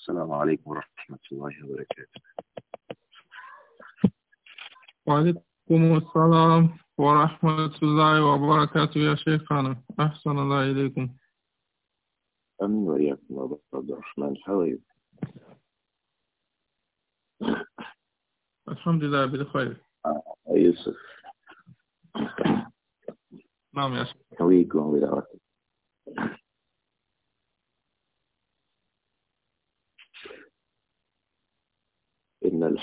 السلام عليكم ورحمة الله وبركاته وعليكم السلام ورحمة الله وبركاته يا شيخنا أحسن الله إليكم أمين وإياكم أبو عبد الرحمن الحبيب الحمد لله بالخير آه، يوسف نعم يا شيخ حييكم وبركاته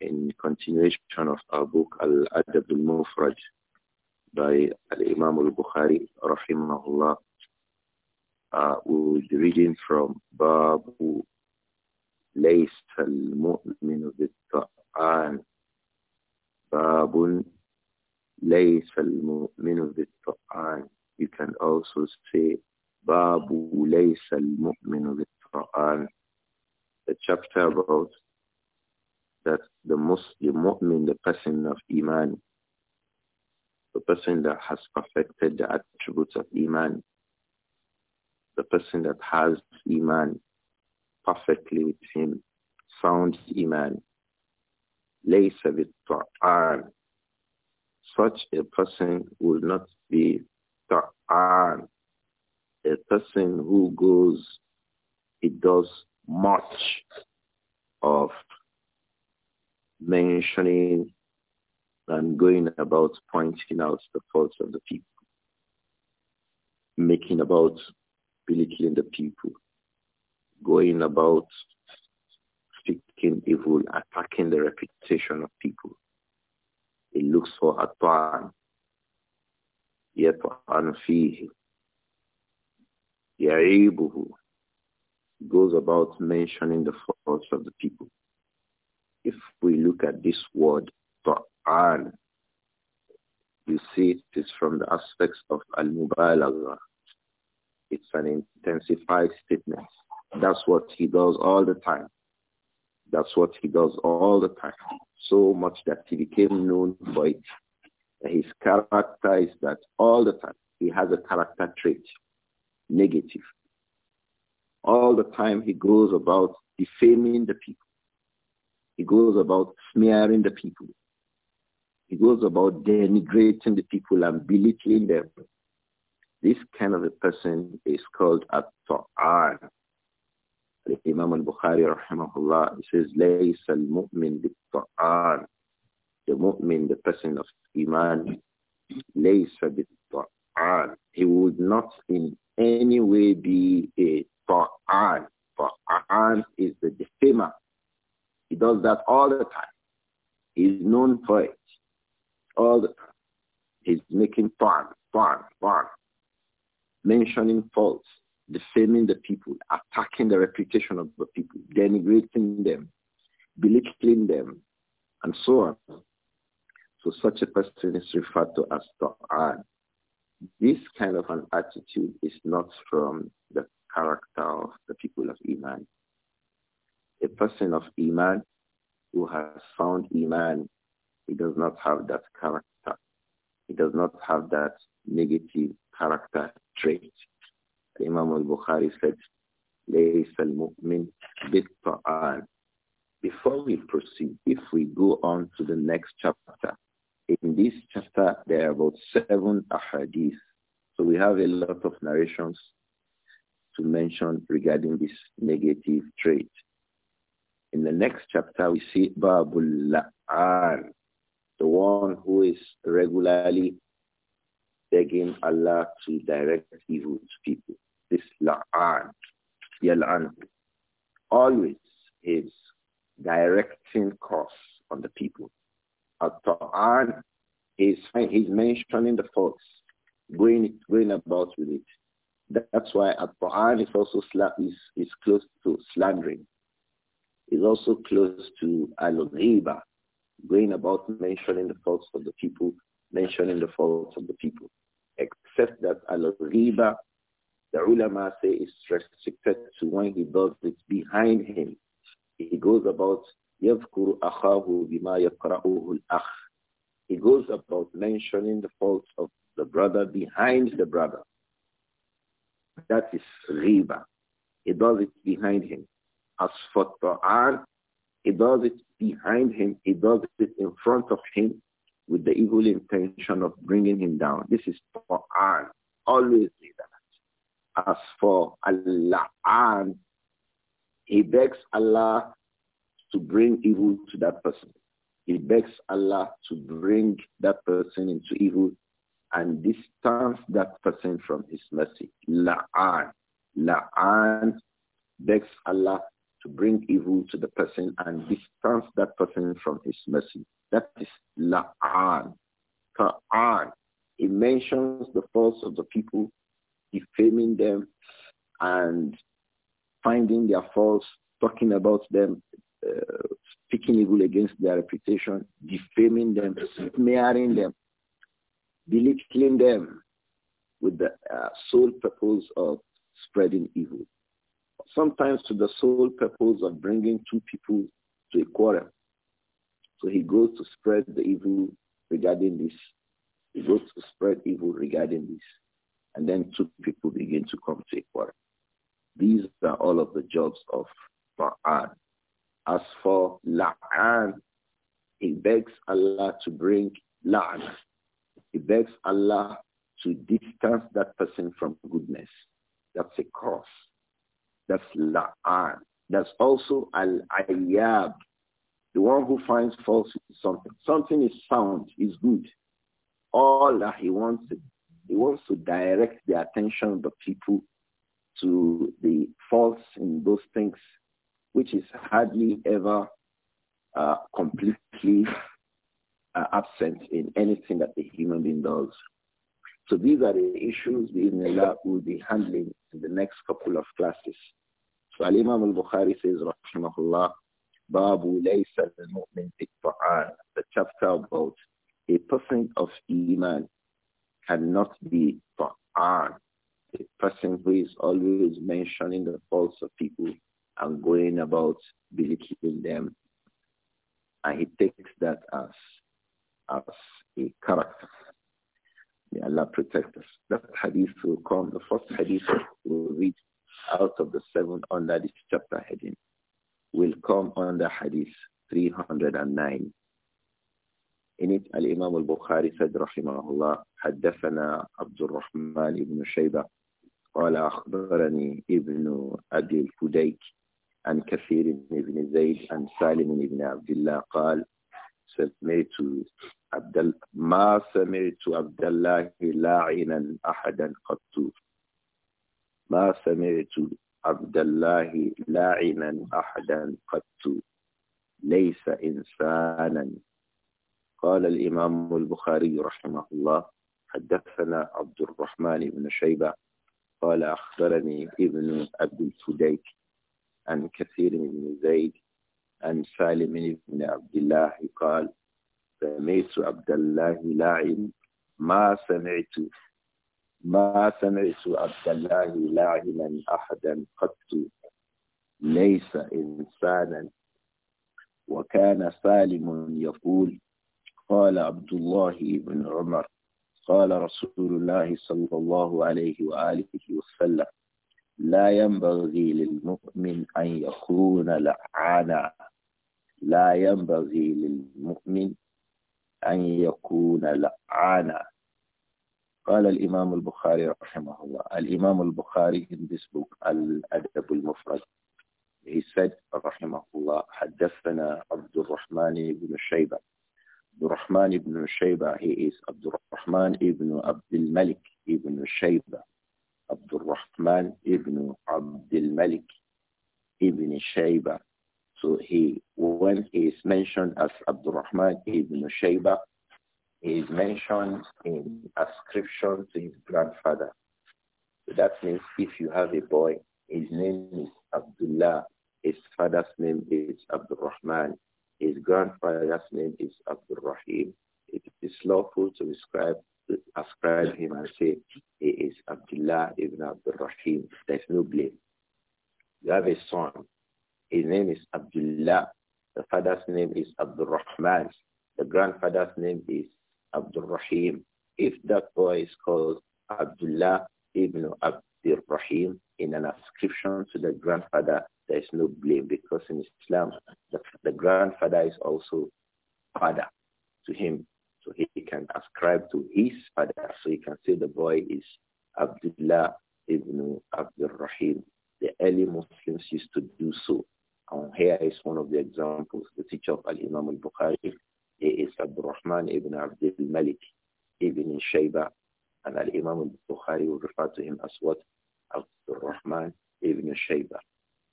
in continuation of our book Al-Adab al-Mufraj by Al-Imam al-Bukhari rahimahullah. Uh, we will be reading from Babu al-Mu'minu ليس المؤمن بالطعان al ليس المؤمن بالطعان You can also say Babu al ليس المؤمن بالطعان The chapter about that the Muslim, the mu'min, the person of Iman, the person that has perfected the attributes of Iman, the person that has Iman perfectly with him, sound Iman, ليس بالطعان. Such a person will not be ta'an, a person who goes, he does much of mentioning and going about pointing out the faults of the people, making about belittling the people, going about speaking evil, attacking the reputation of people. It looks for a plan. يطعن goes about mentioning the faults of the people if we look at this word, ta'an, you see it is from the aspects of al-mubalagha. It's an intensified statement. That's what he does all the time. That's what he does all the time. So much that he became known for it. His character is that all the time he has a character trait, negative. All the time he goes about defaming the people. He goes about smearing the people. He goes about denigrating the people and belittling them. This kind of a person is called a ta'ar. Imam al-Bukhari rahimahullah says, لَيْسَ الْمُؤْمِن بِالطَّعَانِ The mu'min, the person of iman, لَيْسَ بِالطَّعَانِ He would not in any way be a ta'an. Ta'an is the defamer, he does that all the time. He's known for it all the time. He's making fun, fun, fun, mentioning faults, defaming the people, attacking the reputation of the people, denigrating them, belittling them, and so on. So such a person is referred to as Ta'an. This kind of an attitude is not from the character of the people of Iman. A person of Iman who has found Iman, he does not have that character. He does not have that negative character trait. Imam al-Bukhari said, Before we proceed, if we go on to the next chapter, in this chapter there are about seven ahadith. So we have a lot of narrations to mention regarding this negative trait. In the next chapter, we see Babul La'an, the one who is regularly begging Allah to direct evil to people. This La'an, Yal'an, always is directing course on the people. At-Ta'an he's he's mentioning the folks going, going about with it. That's why At-Ta'an is also is, is close to slandering is also close to al-ghiba, going about mentioning the faults of the people, mentioning the faults of the people. Except that al-ghiba, the ulama say, is restricted to when he does it behind him. He goes about يذكر أخاه بما يقرأه الأخ. He goes about mentioning the faults of the brother behind the brother. That is riba. He does it behind him. As for Ta'an, he does it behind him. He does it in front of him with the evil intention of bringing him down. This is Ta'an. Always do that. As for Allah, he begs Allah to bring evil to that person. He begs Allah to bring that person into evil and distance that person from his mercy. La'an. La'an begs Allah to bring evil to the person and distance that person from his mercy. That is la'an. Ta'an. It mentions the faults of the people, defaming them and finding their faults, talking about them, uh, speaking evil against their reputation, defaming them, smearing them, belittling them with the uh, sole purpose of spreading evil sometimes to the sole purpose of bringing two people to a quarrel. So he goes to spread the evil regarding this. He goes to spread evil regarding this. And then two people begin to come to a quarrel. These are all of the jobs of Ma'an. As for La'an, he begs Allah to bring La'an. He begs Allah to distance that person from goodness. That's a curse. That's la'an. That's also al-ayyab. The one who finds false something. Something is sound, is good. All that he wants, he wants to direct the attention of the people to the faults in those things, which is hardly ever uh, completely uh, absent in anything that the human being does. So these are the issues we Allah will be handling in the next couple of classes. So al-Bukhari says, rahimahullah, Babu laysa al-mu'min The chapter about a person of iman cannot be ta'an. A person who is always mentioning the faults of people and going about belittling them. And he takes that as, as a character. May Allah protect us. That hadith will come. The first hadith we'll read out of the seven under this chapter heading will come under Hadith 309. In it, imam al-Bukhari said, Rahimahullah, Haddafana Abdul Rahman ibn Shayba, قال أخبرني ابن أبي الفديك عن كثير ابن زيد عن سالم ابن عبد الله قال سمعت عبد ما سمعت عبد الله لاعنا ما سمعت عبد الله لاعنا أحدا قط ليس إنسانا قال الإمام البخاري رحمه الله حدثنا عبد الرحمن بن شيبة قال أخبرني ابن أبي الفديك عن كثير بن زيد عن سالم بن عبد الله قال سمعت عبد الله لاعن ما سمعت ما سمعت عبد الله لاعنا أحدا قط ليس إنسانا وكان سالم يقول قال عبد الله بن عمر قال رسول الله صلى الله عليه وآله وسلم لا ينبغي للمؤمن أن يكون لعانا لا ينبغي للمؤمن أن يكون لعانا قال الإمام البخاري رحمه الله الإمام البخاري in this book الأدب المفرد he said رحمه الله حدثنا عبد الرحمن بن الشيبة عبد الرحمن بن الشيبة he is عبد الرحمن بن عبد الملك بن الشيبة عبد الرحمن بن عبد الملك بن الشيبة so he when he is mentioned as عبد الرحمن بن الشيبة is mentioned in ascription to his grandfather. So that means if you have a boy, his name is Abdullah, his father's name is Abdul Rahman, his grandfather's name is Abdul Rahim. It is lawful to ascribe, ascribe him and say he is Abdullah ibn Abdul Rahim. There's no blame. You have a son. His name is Abdullah. The father's name is Abdul Rahman. The grandfather's name is Abdul Rahim, if that boy is called Abdullah ibn Abdul Rahim in an ascription to the grandfather, there is no blame because in Islam, the, the grandfather is also father to him. So he, he can ascribe to his father. So he can say the boy is Abdullah ibn Abdul Rahim. The early Muslims used to do so. And here is one of the examples, the teacher of Al-Imam al-Bukhari, is Abdul Rahman ibn Abdul Malik ibn Shayba, and Al Imam al Bukhari will refer to him as what Abdul Rahman ibn Shayba.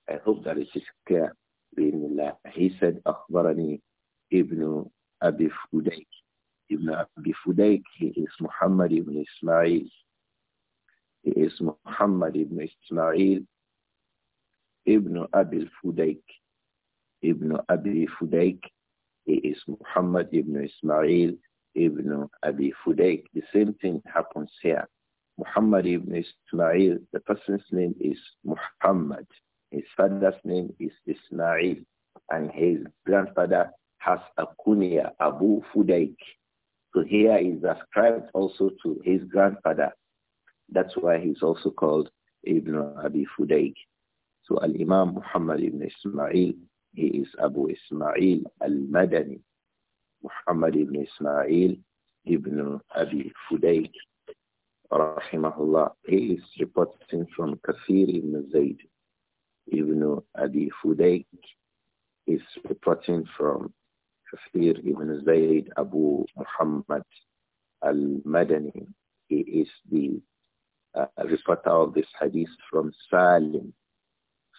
I hope that it is clear. He said, أخبرني ابن أبي فديك ابن أبي فديك he is Muhammad ibn Ismail he is Muhammad ibn Ismail ابن أبي الفديك ابن أبي فديك He is Muhammad ibn Ismail ibn Abi Fudayk. The same thing happens here. Muhammad ibn Ismail, the person's name is Muhammad. His father's name is Ismail. And his grandfather has a kunya, Abu Fudayk. So here is ascribed also to his grandfather. That's why he's also called Ibn Abi Fudayk. So Al-Imam Muhammad ibn Ismail he is Abu Ismail al-Madani, Muhammad ibn Ismail ibn Abi Fudayk, rahimahullah. He is reporting from Kathir ibn Zayd ibn Abi Fudayk. He is reporting from Kathir ibn Zayd Abu Muhammad al-Madani. He is the uh, reporter of this hadith from Salim.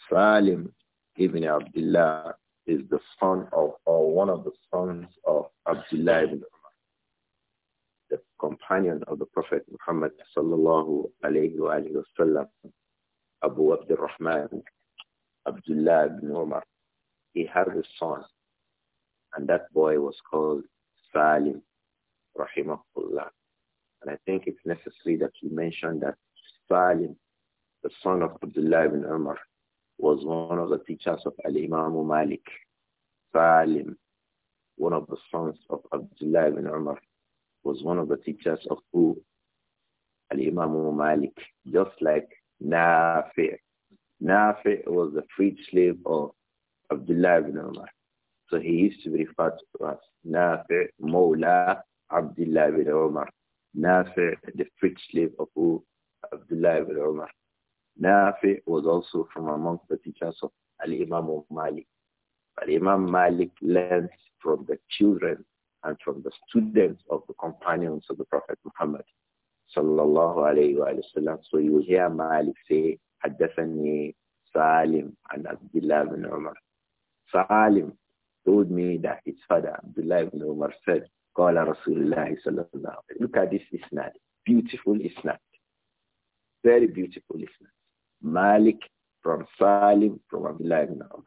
Salim ibn Abdullah is the son of, or one of the sons of Abdullah ibn Umar, the companion of the Prophet Muhammad sallallahu alayhi wa sallam, Abu Abdurrahman, Abdullah ibn Umar. He had a son, and that boy was called Salim, rahimahullah. And I think it's necessary that you mention that Salim, the son of Abdullah ibn Umar, was one of the teachers of Al-Imam Malik, Salim, one of the sons of Abdullah ibn Umar, was one of the teachers of who? Al-Imam Malik, just like Nafi. Nafi was the freed slave of Abdullah ibn Umar. So he used to be referred to as Nafi Mawla Abdullah ibn Umar. Nafi, the freed slave of who? Abdullah ibn Umar. Nafi was also from among the teachers of Al-Imam Malik. Al-Imam Malik learned from the children and from the students of the companions of the Prophet Muhammad sallallahu alayhi wa sallam. So you hear Malik say, حدثني Salim and Abdullah ibn Umar. Salim told me that his father, Abdullah ibn Umar, said, Qala Rasulullah sallallahu alayhi Look at this isnad. Beautiful isnad. Very beautiful isnad. Malik from Salim from Abdullah ibn Umar,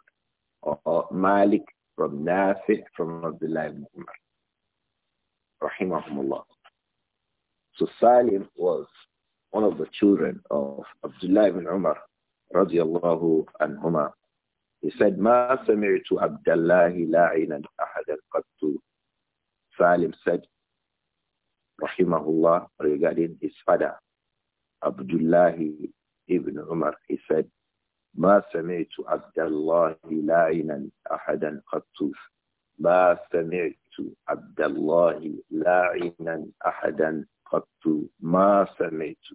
or Malik from Nafi from Abdullah ibn Umar. Rahimahumullah. So Salim was one of the children of Abdullah ibn Umar radiallahu anhuma. He said, ما سمعت عبد الله لاعنا أحدا قط. Salim said, rahimahullah, regarding his father, Abdullah Ibn Umar, he said, ما سمعت عبد الله أحدا قط ما سمعت عبد الله أحدا قط ما سمعت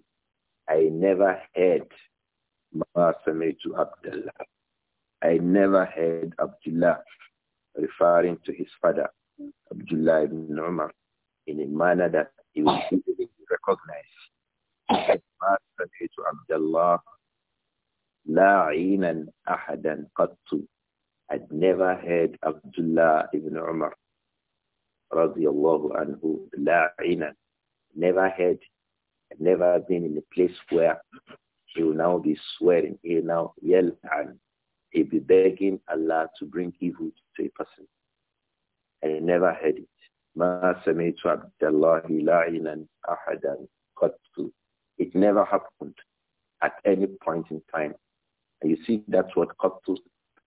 I never heard ما سمعت عبد الله I never heard Abdullah referring to his father Abdullah ibn Umar in a manner that he would easily recognized سمعت عبد الله أحدا قط I'd never heard Abdullah ibn Umar radiallahu anhu la'inan. Never heard, never been in a place where he will now be swearing. He will now yell and he be begging Allah to bring evil to a person. he never heard it. ما سمعت عبد الله أحدا قط it never happened at any point in time. And you see, that's what Qattu,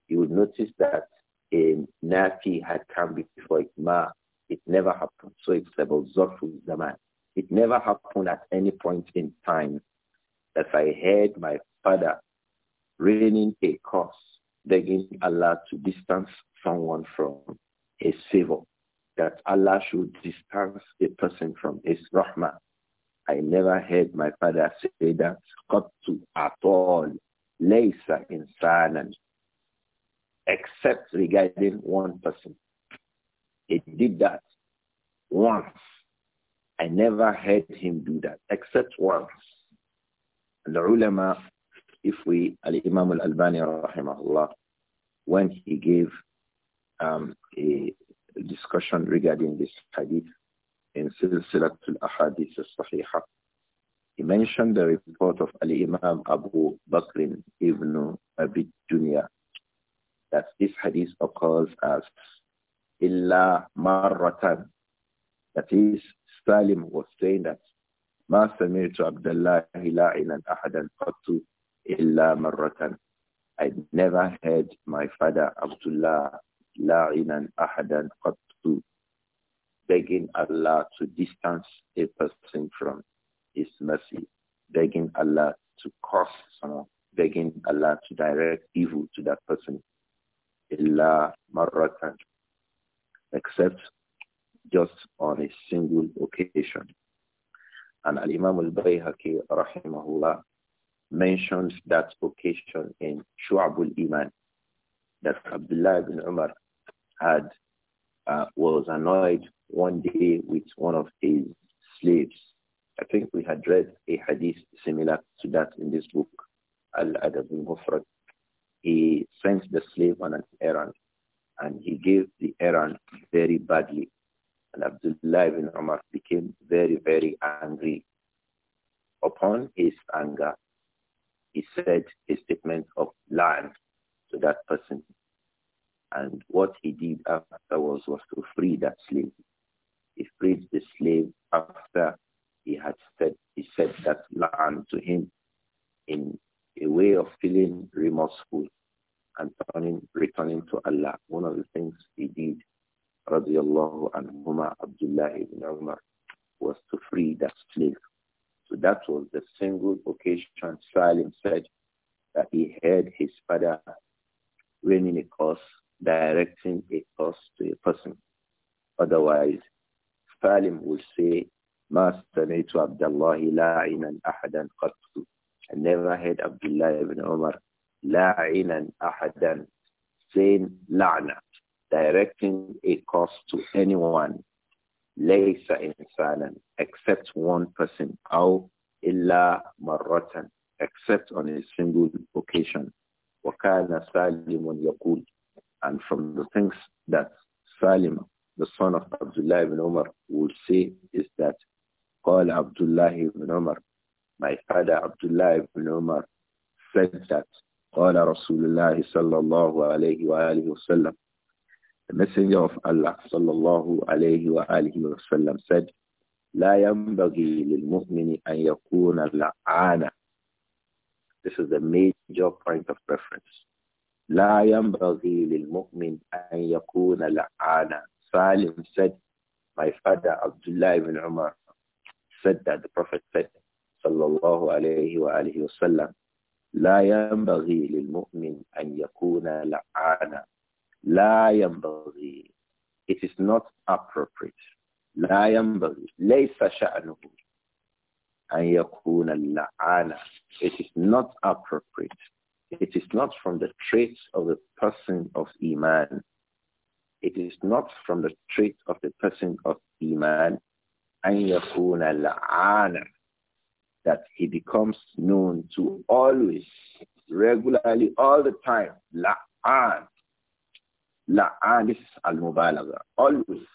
you would notice that a Nafi had come before Ikma. It never happened. So it's about Zorfu Zaman. It never happened at any point in time that I heard my father raining a curse, begging Allah to distance someone from his favor, that Allah should distance a person from his rahmah I never heard my father say that to at all. Laysa silence. Except regarding one person. He did that once. I never heard him do that, except once. And the ulama, if we, Al-Imam Al-Albani, rahimahullah, when he gave um, a discussion regarding this hadith, in Silsilatul Ahadith al-Sahihah. He mentioned the report of Al-Imam Abu Bakr ibn Abi Dunya that this hadith occurs as illa marratan. That is, Salim was saying that ما سمعت عبد الله ahadan أحدا illa إلا I never heard my father Abdullah la'inan ahadan qat begging Allah to distance a person from his mercy, begging Allah to curse someone, begging Allah to direct evil to that person. Illa marratan. Except just on a single occasion. And Al-Imam al-Bayhaqi, rahimahullah, mentions that occasion in Shu'abul iman that Abdullah ibn Umar had uh, was annoyed one day with one of his slaves. I think we had read a hadith similar to that in this book, Al-Adab al-Mufrad. He sent the slave on an errand, and he gave the errand very badly. And Abdullah ibn Umar became very, very angry. Upon his anger, he said a statement of lying to that person and what he did afterwards was to free that slave. He freed the slave after he had said, he said that La'an to him in a way of feeling remorseful and turning, returning to Allah. One of the things he did, radiallahu anhuma, Abdullah ibn Umar, was to free that slave. So that was the single occasion Salim said that he heard his father raining a cause directing a cause to a person. Otherwise, Falim will say, ما سمعت عبد الله لاعنا أحدا قط. I never heard Abdullah ibn Umar لاعنا أحدا saying لعنة directing a cause to anyone ليس إنسانا except one person أو إلا مرة except on a single occasion وكان سالم يقول and from the things that Salim, the son of Abdullah ibn Umar, would say is that, قال Abdullah ibn Umar, my father Abdullah ibn Umar said that, قال رسول الله صلى الله عليه وآله وسلم, the messenger of Allah صلى الله عليه وآله وسلم said, لا ينبغي للمؤمن أن يكون لعانا. This is the major point of preference. لا ينبغي للمؤمن أن يكون لعانا Salim said my father Abdullah ibn Umar said that the Prophet said صلى الله عليه وآله وسلم. لا ينبغي للمؤمن أن يكون لعانا لا ينبغي it is not appropriate لا ينبغي ليس شأنه أن يكون لعانا it is not appropriate it is not from the traits of the person of Iman. It is not from the trait of the person of Iman that he becomes known to always, regularly, all the time. La'an. La'an, this is al-mubalagha. Always.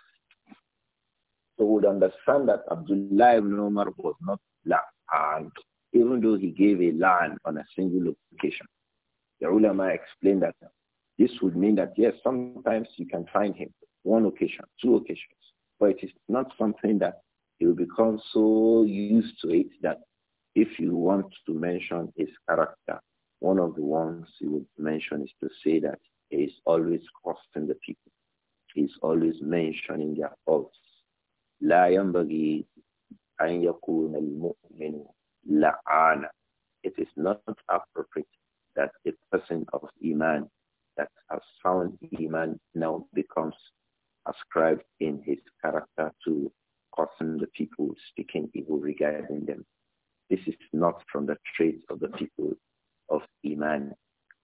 So we would understand that Abdullah ibn Umar was not la'an, even though he gave a la'an on a single occasion. The ulama explained that this would mean that, yes, sometimes you can find him one occasion, two occasions, but it is not something that you become so used to it that if you want to mention his character, one of the ones you would mention is to say that he is always costing the people. He is always mentioning their faults. لا ينبغي أن يكون المؤمن لعانا. It is not appropriate that a person of Iman that has found Iman now becomes ascribed in his character to causing the people speaking evil regarding them. This is not from the traits of the people of Iman.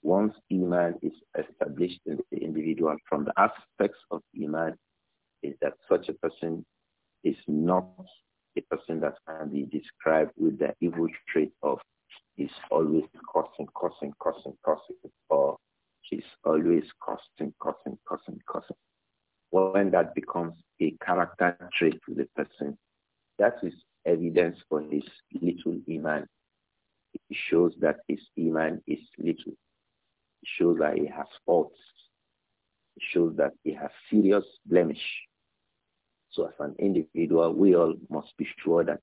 Once Iman is established in the individual from the aspects of Iman is that such a person is not a person that can be described with the evil trait of He's always costing, costing, costing, costing. or she's always costing, costing, costing. cursing. When that becomes a character trait to the person, that is evidence for his little iman. It shows that his iman is little. It shows that he has faults. It shows that he has serious blemish. So as an individual, we all must be sure that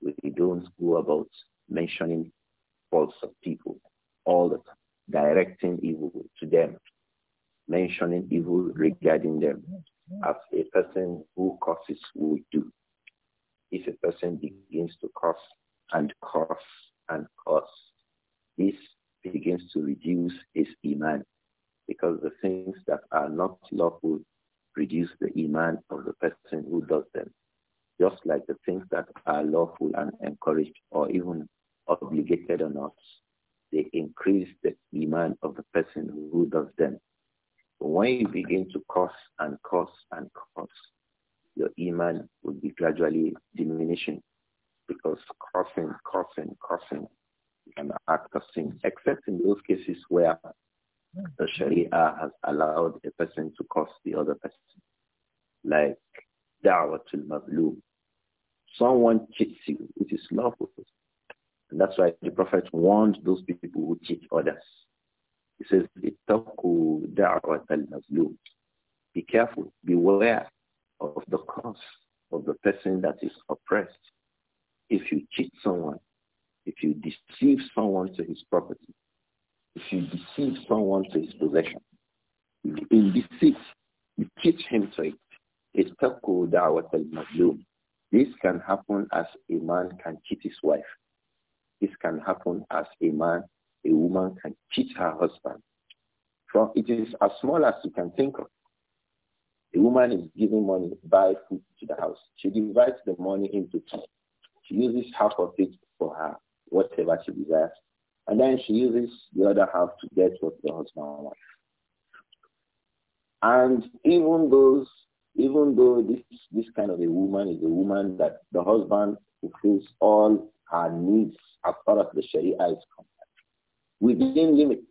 we don't go about mentioning Pulse of people all the time, directing evil to them, mentioning evil regarding them as a person who causes evil do. If a person begins to cause and cause and cause, this begins to reduce his iman because the things that are not lawful reduce the iman of the person who does them. Just like the things that are lawful and encouraged or even obligated on us, they increase the iman of the person who does them. But when you begin to curse and curse and curse, your iman will be gradually diminishing because cursing, cursing, cursing and act of sin, except in those cases where the Sharia has allowed a person to curse the other person, like da'watul mabloom. Someone cheats you, which is lawful. And that's why the Prophet warned those people who cheat others. He says, Be careful, beware of the cause of the person that is oppressed. If you cheat someone, if you deceive someone to his property, if you deceive someone to his possession, in deceit, you cheat him to it. This can happen as a man can cheat his wife. This can happen as a man, a woman can cheat her husband. From it is as small as you can think of. A woman is giving money, buy food to the house. She divides the money into two. She uses half of it for her, whatever she desires. And then she uses the other half to get what the husband wants. And even those, even though this, this kind of a woman is a woman that the husband fulfills all our needs as far as the Sharia is concerned. Within limits,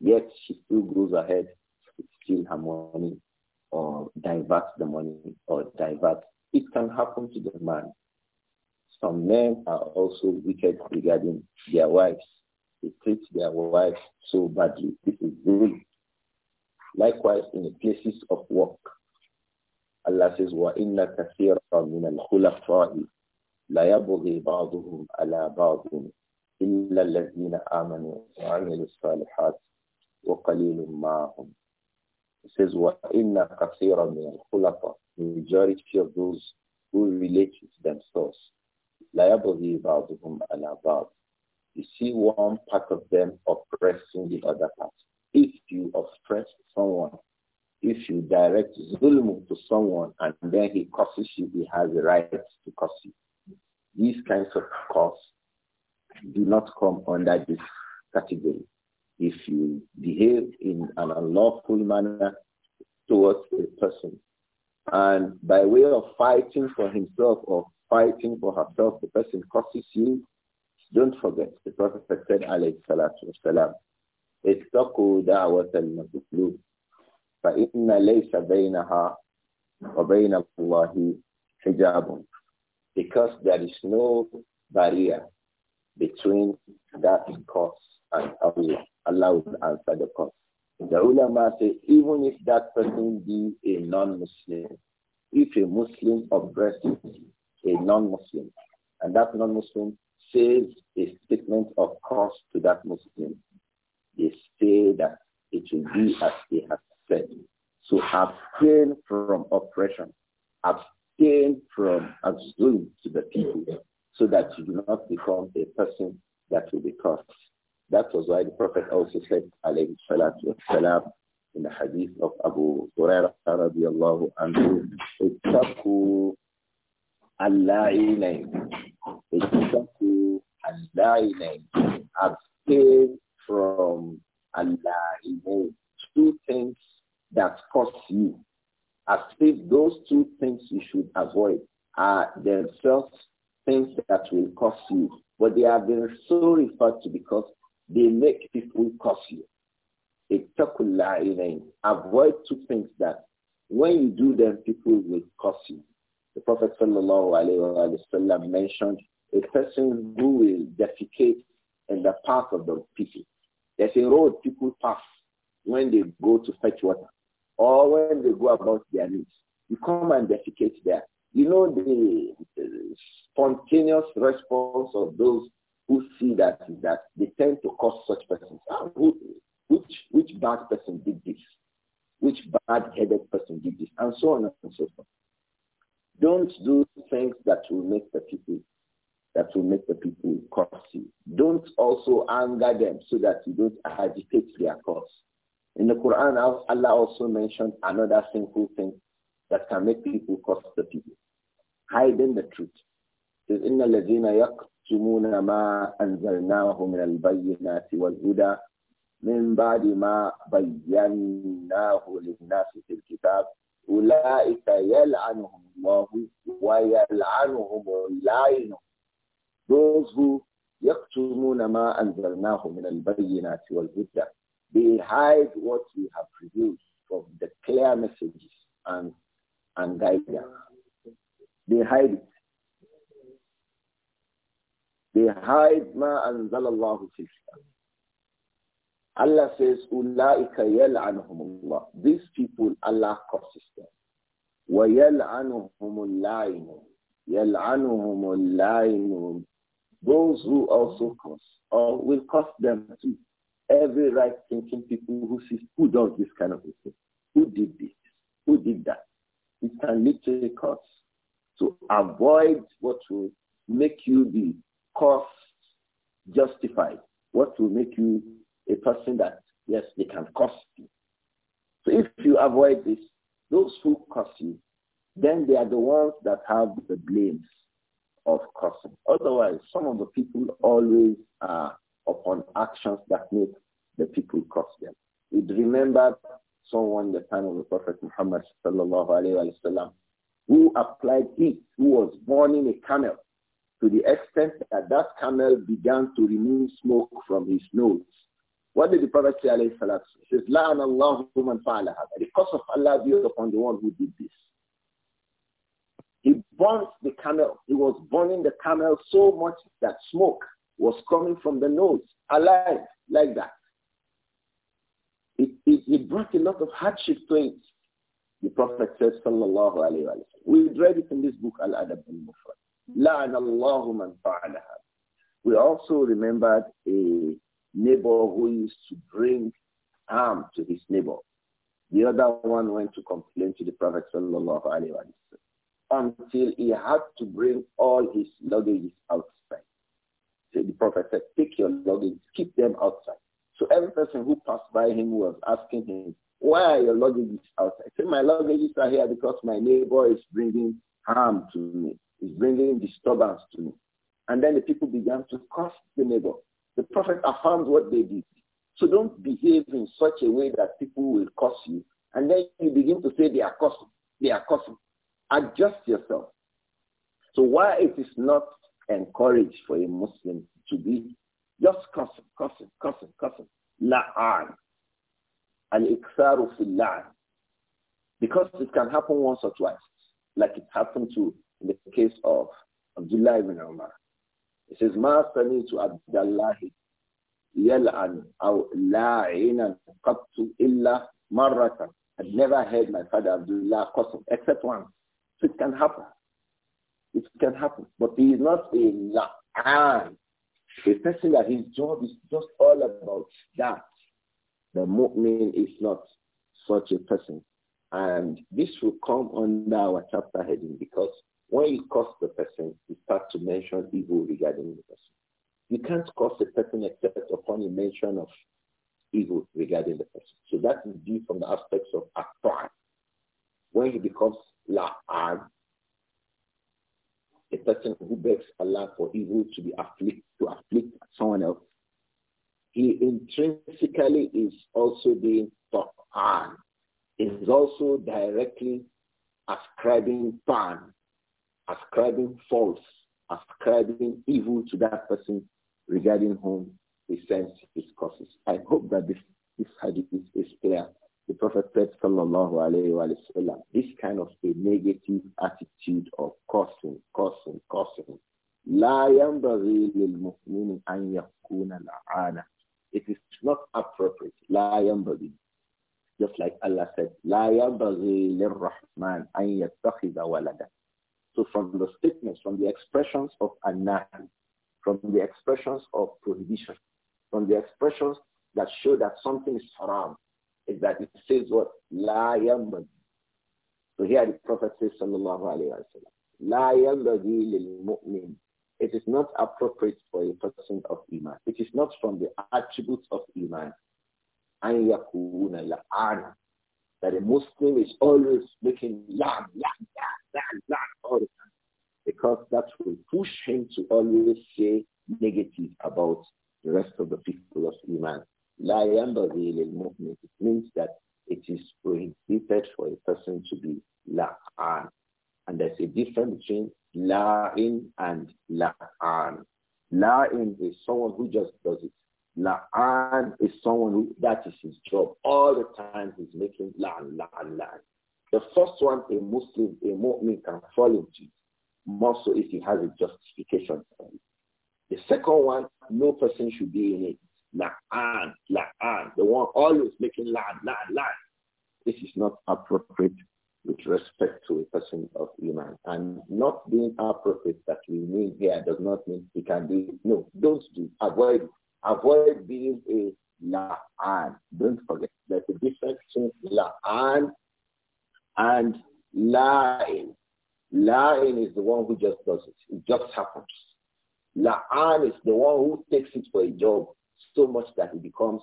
yet she still goes ahead to steal her money or divert the money or divert. It can happen to the man. Some men are also wicked regarding their wives. They treat their wives so badly. This is rude. Likewise, in the places of work, Allah says, وَإِنَّ كَثِيرًا مِنَ لا يبغي بعضهم على بعض إلا الذين آمنوا وعملوا الصالحات وقليل معهم. It says, وَإِنَّ كَثِيرًا مِنَ الْخُلَطَةِ Majority of those who relate to themselves. لَا يَبْغِي بَعْضُهُمْ عَلَى بَعْض You see one part of them oppressing the other part. If you oppress someone, if you direct zulm to someone and then he curses you, he has the right to curse you these kinds of costs do not come under this category. If you behave in an unlawful manner towards a person, and by way of fighting for himself or fighting for herself, the person causes you, don't forget, the Prophet said, alayhi salatu wasalam, اتقوا دعوة المظلوم فإن ليس بينها وبين الله حجاب because there is no barrier between that cause and Allah. Allah will answer the cause. The ulama say, even if that person be a non-Muslim, if a Muslim oppresses a non-Muslim, and that non-Muslim says a statement of cause to that Muslim, they say that it will be as they have said. So abstain from oppression, abstain abstain from zulm to the people so that you do not become a person that will be cursed. That was why the Prophet also said, alayhi salatu wasalam, in the hadith of Abu Hurairah radiallahu anhu, ittaku al-la'inayn. Ittaku al-la'inayn. Abstain from al Two things that cost you those two things you should avoid are themselves things that will cost you, but they have been so referred to because they make people cost you. Avoid two things that when you do them, people will cost you. The Prophet ﷺ mentioned a person who will defecate in the path of the people. There's a road people pass when they go to fetch water or when they go about their needs. You come and defecate there. You know the, spontaneous response of those who see that is that they tend to cause such persons. Ah, who, which which bad person did this? Which bad-headed person did this? And so on and so forth. Don't do things that will make the people that will make the people curse you. Don't also anger them so that you don't agitate their cause. In the Quran, Allah also mentioned another sinful thing that can make people curse the people. Hiding the truth. It says, إِنَّ الَّذِينَ يَكْتُمُونَ مَا أَنزَلْنَاهُ مِنَ الْبَيِّنَاتِ وَالْهُدَى مِنْ بَعْدِ مَا بَيَّنَّاهُ لِلنَّاسِ فِي الْكِتَابِ أُولَٰئِكَ يَلْعَنُهُمُ اللَّهُ وَيَلْعَنُهُمُ اللَّاعِنُ Those who يَكْتُمُونَ مَا أَنزَلْنَاهُ مِنَ الْبَيِّنَاتِ وَالْهُدَى they hide what we have produced from the clear messages and, and guidance. They hide it. They hide ma anzalallahu fil Allah says, Ulaika yal'anuhumullah. These people, Allah curses them. Wa اللَّعِنُونَ يَلْعَنُهُمُ Those who also curse, or will curse them too every right-thinking people who sees who does this kind of thing, who did this, who did that, it can lead to a curse. So avoid what will make you be cost justified. What will make you a person that yes, they can cost you. So if you avoid this, those who cost you, then they are the ones that have the blames of costing. Otherwise, some of the people always are upon actions that make the people cross them. It remembered someone in the time of the Prophet Muhammad sallallahu alayhi who applied heat, who was born in a camel, to the extent that that camel began to remove smoke from his nose. What did the Prophet say alayhi He says, La'an Allahu man fa'alaha. The curse of Allah be upon the one who did this. He burnt the camel. He was burning the camel so much that smoke was coming from the nose, alive, like that. It, it, it brought a lot of hardship to it. The Prophet says, sallallahu alayhi wa We read it in this book, Al-Adab al-Mufrad. لَعَنَ اللَّهُ man فَعَلَهَا We also remembered a neighbor who used to bring harm to his neighbor. The other one went to complain to the Prophet sallallahu alayhi wa until he had to bring all his luggage outside the Prophet said, take your luggage, keep them outside. So every person who passed by him was asking him, why are your luggage outside? I said, my luggage are here because my neighbor is bringing harm to me, He's bringing disturbance to me. And then the people began to curse the neighbor. The Prophet affirmed what they did. So don't behave in such a way that people will curse you. And then you begin to say they are cursing, they are cursing. Adjust yourself. So why it is not encouraged for a Muslim to be just cussing, cussing, cussing, cussing. La'an. Al-iksaru fil la'an. Because it can happen once or twice, like it happened to in the case of Abdullah ibn Umar. It says, Ma to Abdullahi yal'an aw la'inan qattu illa marratan. I've never heard my father Abdullah cussing, except once. So it can happen. It can happen. But he is not a la'an. A person that his job is just all about that. The mu'min is not such a person. And this will come under our chapter heading because when you curse the person, you start to mention evil regarding the person. You can't curse a person except upon a mention of evil regarding the person. So that is due from the aspects of attack. When he becomes la'an, a person who begs Allah for evil to be afflict, to afflict someone else, he intrinsically is also being ta'an, is also directly ascribing pan, ascribing false, ascribing evil to that person regarding whom he sends his curses. I hope that this, this hadith is clear. The Prophet said, sallallahu alayhi wa this kind of a negative attitude of cursing, cursing, cursing. لا ينبغي للمسلم أن يكون لعانا. It is not appropriate. la ينبغي. Just like Allah said, لا ينبغي للرحمن أن يتخذ walada. So from the statements, from the expressions of anahi, from the expressions of prohibition, from the expressions that show that something is haram, is that it says what? La yambagi. So here the Prophet says, sallallahu alayhi wa sallam, La yambagi lil mu'min. It is not appropriate for a person of Iman. It is not from the attributes of Iman. An yakuna la'ana. That a Muslim is always making la, la, la, la, la all the time. Because that will push him to always say negative about the rest of the people of Iman. La yambaghi lil It means that it is prohibited for a person to be la'an. And there's a difference between la'in and la'an. La'in is someone who just does it. La'an is someone who, that is his job. All the time he's making la'an, la'an, la'an. The first one, a Muslim, a mu'min can fall into, more so if he has a justification The second one, no person should be in it. La'an, la'an. The one always making la'an, la'an, la'an. This is not appropriate with respect to a person of Iman. And not being appropriate that we mean here does not mean he can be, no, don't do, avoid, avoid being a la'an. Don't forget, there's a difference between la'an and lying. Lying is the one who just does it. It just happens. La'an is the one who takes it for a job so much that it becomes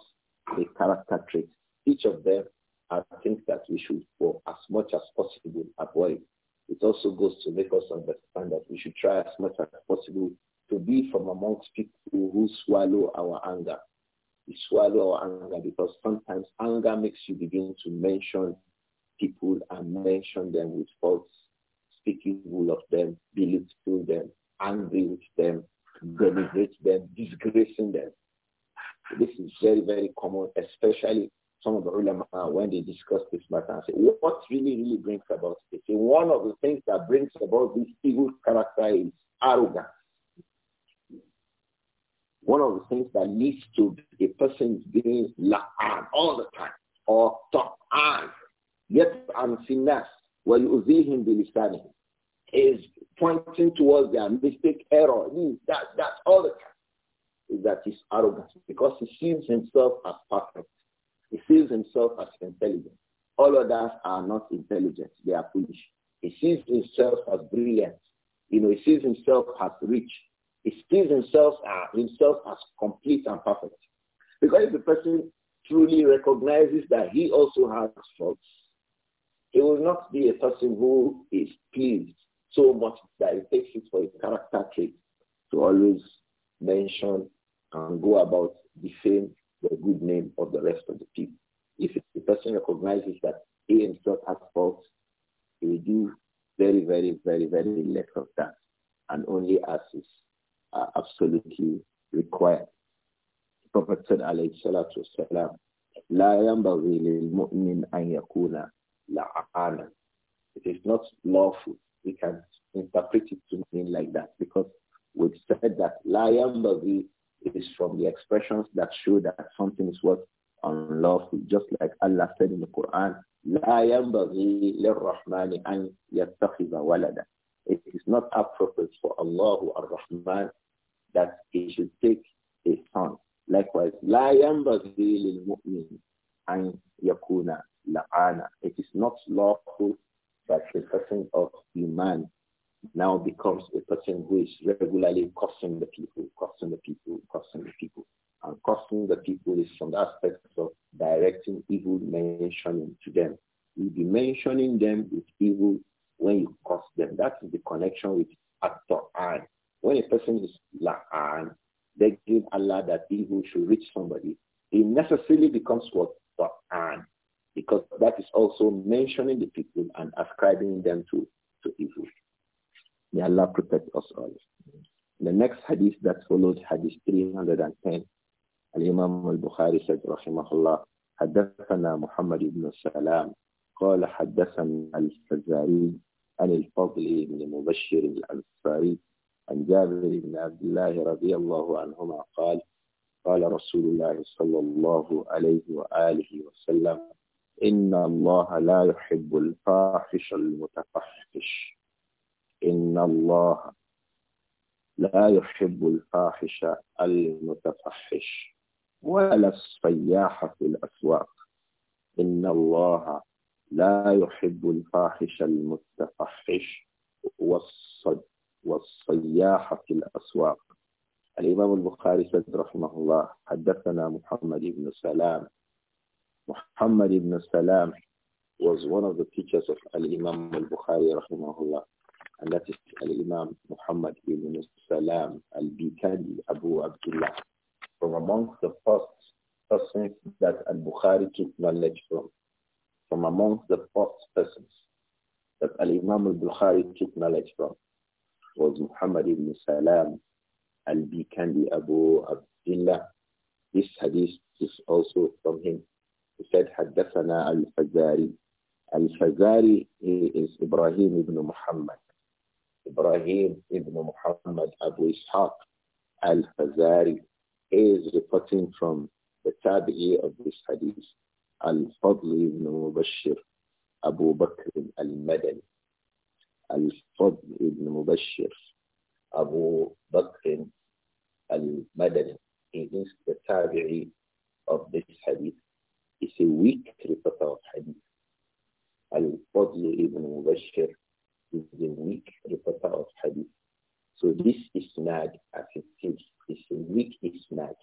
a character trait. Each of them I think that we should, for as much as possible, avoid. It also goes to make us understand that we should try as much as possible to be from amongst people who swallow our anger. We swallow our anger because sometimes anger makes you begin to mention people and mention them with faults, speaking ill of them, belittling them, angry with them, denigrate them, disgracing them. This is very, very common, especially some of the ulama when they discuss this matter and say, what really, really brings about this? And one of the things that brings about this evil character is arrogance. One of the things that leads to a person being la'an all the time or ta'an, yet unfinnas, where you see him bilisani is pointing towards their mistake, error, this, that, that, all the time is that he's arrogant because he sees himself as perfect. He sees himself as intelligent. All others are not intelligent. They are foolish. He sees himself as brilliant. You know, he sees himself as rich. He sees himself, uh, himself as complete and perfect. Because if the person truly recognizes that he also has faults, he will not be a person who is pleased so much that it takes it for a character trait to always mention and go about defame the good name of the rest of the people. If the person recognizes that he himself has faults, he will do very, very, very, very less of that and only as is uh, absolutely required. The Prophet said, alayhi salatu wasalam, لا ينبغي للمؤمن أن يكون لعانا. It is not lawful. We can interpret it to mean like that because we've said that la ينبغي it is from the expressions that show that something is what unlawful, just like Allah said in the Quran, لا rahman للرحمن أن يتخذ ولدا. It is not appropriate for Allah ar-Rahman that he should take a son. Likewise, "La لا ينبغي للمؤمن أن la ana." It is not lawful that the person of iman now becomes a person who is regularly costing the people, costing the people, costing the people. And costing the people is from the aspect of directing evil mentioning to them. You'll be mentioning them with evil when you cost them. That is the connection with actor an. When a person is la'an, begging Allah that evil should reach somebody, it necessarily becomes what? An. Because that is also mentioning the people and ascribing them to, to evil. May Allah protect us all. The next hadith that follows hadith 310, الإمام البخاري said رحمه الله حدثنا محمد بن سلام قال حدثنا الفزاري عن الفضل بن مبشر الأنصاري عن جابر بن عبد الله رضي الله عنهما قال قال رسول الله صلى الله عليه وآله وسلم إن الله لا يحب الفاحش المتفحش إن الله لا يحب الفاحش المتفحش ولا الصياح في الأسواق إن الله لا يحب الفاحش المتفحش والصياح في الأسواق الإمام البخاري سيد رحمه الله حدثنا محمد بن سلام محمد بن سلام was one of the teachers of الإمام البخاري رحمه الله and that is Al-Imam Muhammad ibn Salam al-Bikandi Abu Abdullah. From amongst the first persons that Al-Bukhari took knowledge from, from amongst the first persons that Al-Imam al-Bukhari took knowledge from was Muhammad ibn Salam al Bukhari Abu Abdullah. This hadith is also from him. He said, حدثنا Al الفزاري is Ibrahim ibn Muhammad. Ibrahim ibn Muhammad Abu Ishaq al-Fazari. is reporting from the tabi'i of this hadith, Al-Fadl ibn Mubashir Abu Bakr al-Madani. Al-Fadl ibn Mubashir Abu Bakr al-Madani. is the tabi'i of this hadith. It's a weak reporter of hadith. Al-Fadl ibn Mubashir is a weak reporter of hadith. So this isnad, as it is, is a weak isnad.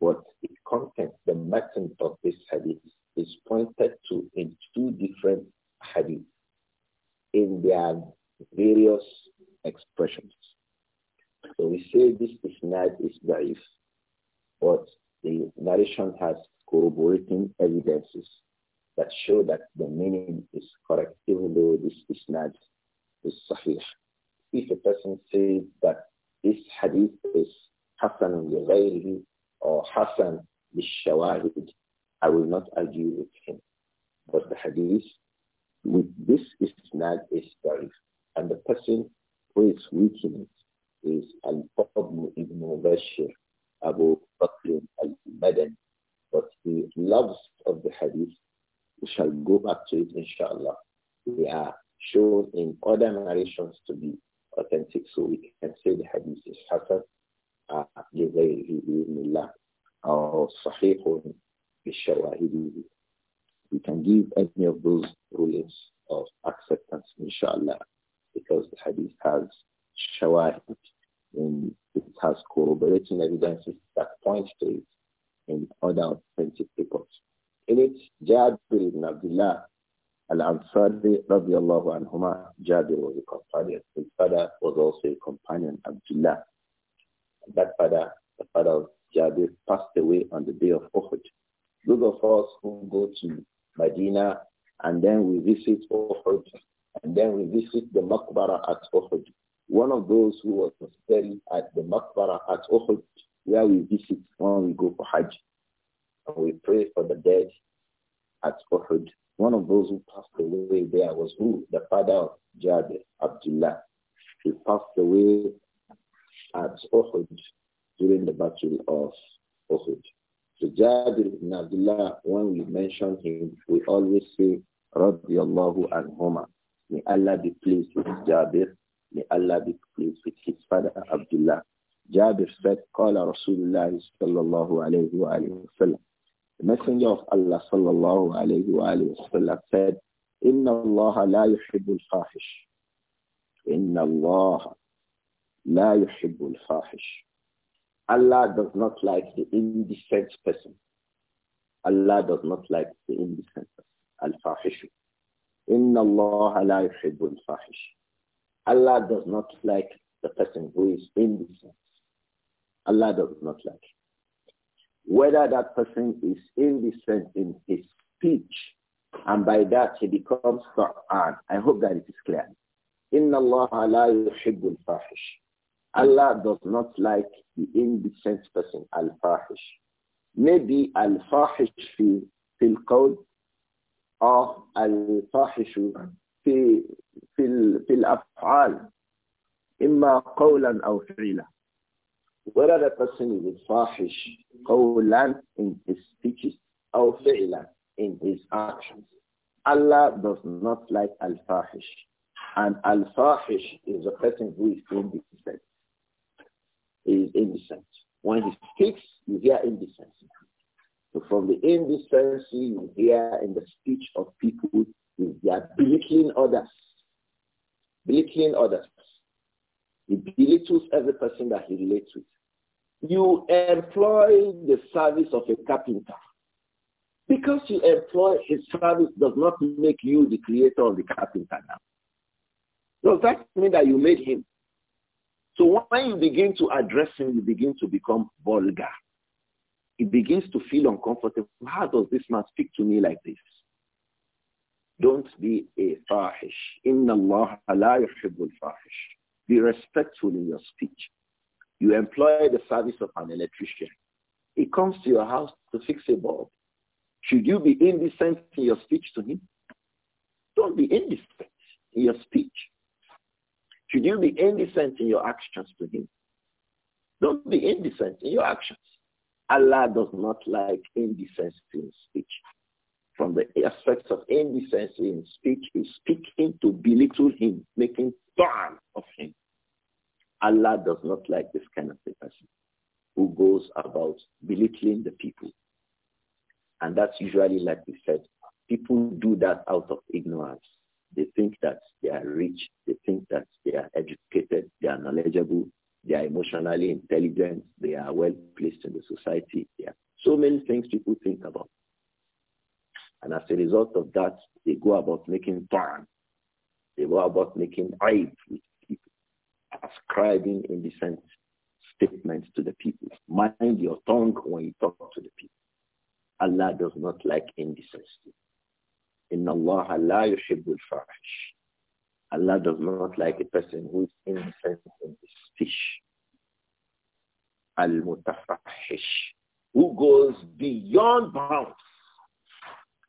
But the content, the matter of this hadith is pointed to in two different hadith in their various expressions. So we say this isnad is daif, but the narration has corroborating evidences that show that the meaning is correct, even though this is not is sahih. If a person says that this hadith is Hassan al or Hassan al-Shawahid, I will not argue with him. But the hadith with this is not is sahih, and the person who is weak in it is Al-Fadl ibn Bashir, Abu Bakr al-Madani. But the loves of the hadith we shall go back to it, inshallah. They are shown in other narrations to be authentic, so we can say the hadith is Hassan uh, We can give any of those rulings of acceptance, inshallah, because the hadith has shawahid, and it has corroborating evidences that point to it in other authentic reports in it, Jabir ibn Abdullah al-Ansari radiallahu anhuma, Jabir was a companion. His father was also a companion, Abdullah. That father, the father of Jabir, passed away on the day of Uhud. Those of us who go to Medina and then we visit Uhud and then we visit the Maqbara at Uhud. One of those who was buried at the Maqbara at Uhud where we visit when we go for Hajj and we pray for the dead at Uhud. One of those who passed away there was who? The father of Jabir, Abdullah. He passed away at Uhud during the battle of Uhud. So Jabir ibn Abdullah, when we mention him, we always say, Radiallahu anhuma. May Allah be pleased with Jabir. May Allah be pleased with his father, Abdullah. Jabir said, Qala Rasulullah sallallahu alayhi wa sallam. The Messenger of Allah sallallahu alayhi wa sallam said, "Inna اللَّهَ la يُحِبُّ fahish." Inna اللَّهَ la يُحِبُّ fahish. Allah does not like the indecent person. Allah does not like the indecent person. al fahish. Inna اللَّهَ la يُحِبُّ fahish. Allah does not like the person who is indecent. Allah does not like whether that person is indecent in his speech, and by that he becomes Quran. I hope that it is clear. Inna Allah la yuhibbul fahish. Allah does not like the indecent person, al-fahish. Maybe al-fahish fi fil qawl or al-fahish fi fil af'al. إما قولا أو فعلا whether the person is a fahish, qawlan in his speeches, or fi'lan in his actions. Allah does not like al-fahish. And al-fahish is a person who is indecent. He is indecent. When he speaks, you hear indecency. So from the indecency you hear in the speech of people is they are belittling others. Belittling others. He belittles every person that he relates with. You employ the service of a carpenter. Because you employ his service does not make you the creator of the carpenter now. Does that mean that you made him? So when you begin to address him, you begin to become vulgar. It begins to feel uncomfortable. How does this man speak to me like this? Don't be a fahish. Inna Allah la yuhibbul fahish. Be respectful in your speech. You employ the service of an electrician. He comes to your house to fix a bulb. Should you be indecent in your speech to him? Don't be indecent in your speech. Should you be indecent in your actions to him? Don't be indecent in your actions. Allah does not like indecency in speech. From the aspects of indecency in speech is speaking to belittle him, making fun of him. Allah does not like this kind of a person who goes about belittling the people. And that's usually, like we said, people do that out of ignorance. They think that they are rich. They think that they are educated. They are knowledgeable. They are emotionally intelligent. They are well placed in the society. There are so many things people think about. And as a result of that, they go about making fun. They go about making aib with ascribing indecent statements to the people. Mind your tongue when you talk to the people. Allah does not like indecency. In Allah, Allah yushibul fahish. Allah does not like a person who is indecent in his speech. Al-mutafahish. Who goes beyond bounds.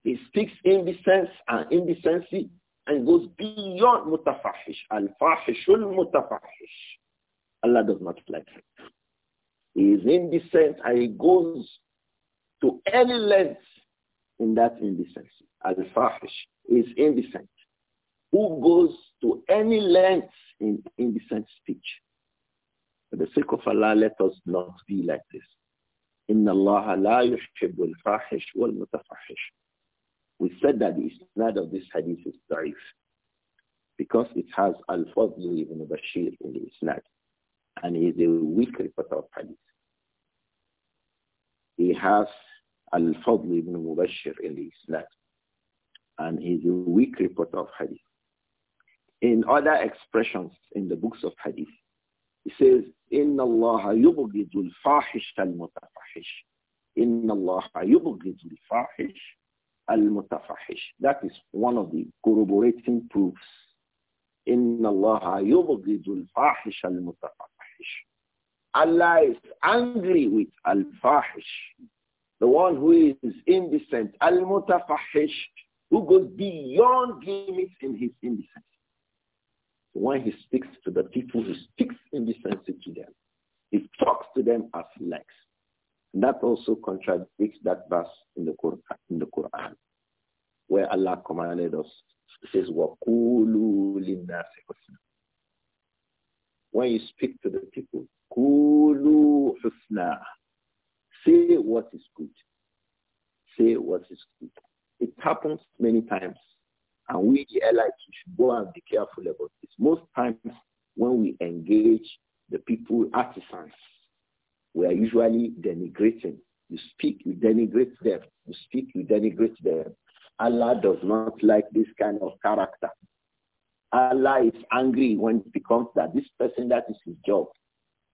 He speaks indecency and indecency and goes beyond mutafahish. Al-fahishul mutafahish. Allah does not like it. He is indecent and he goes to any length in that indecency. Al-fahish is indecent. Who goes to any length in indecent speech? For the sake of Allah, let us not be like this. إن الله لا يحب الفاحش والمتفحش we said that the isnad of this hadith is da'if because it has Al-Fadl ibn Bashir in the isnad and he is a weak reporter of hadith. He has Al-Fadl ibn Mubashir in the isnad and he is a weak reporter of hadith. In other expressions in the books of hadith, he says, إِنَّ اللَّهَ يُبْغِضُ الْفَاحِشَ الْمُتَفَحِشَ إِنَّ اللَّهَ يُبْغِضُ الْفَاحِشَ al-mutafahish. That is one of the corroborating proofs. Inna Allah yubghidul fahish al-mutafahish. Allah is angry with al-fahish, the one who is indecent, al-mutafahish, who goes beyond limits in his indecency. When he speaks to the people, he speaks indecency to them. He talks to them as legs. That also contradicts that verse in the Quran. Allah commanded us. He says, "Wakulu لِلنَّاسِ حُسْنًا When you speak to the people, kulu حُسْنًا Say what is good. Say what is good. It happens many times. And we, the allies, should go and be careful about this. Most times when we engage the people, artisans, we are usually denigrating. You speak, you denigrate them. You speak, you denigrate them. Allah does not like this kind of character. Allah is angry when it becomes that this person, that is his job.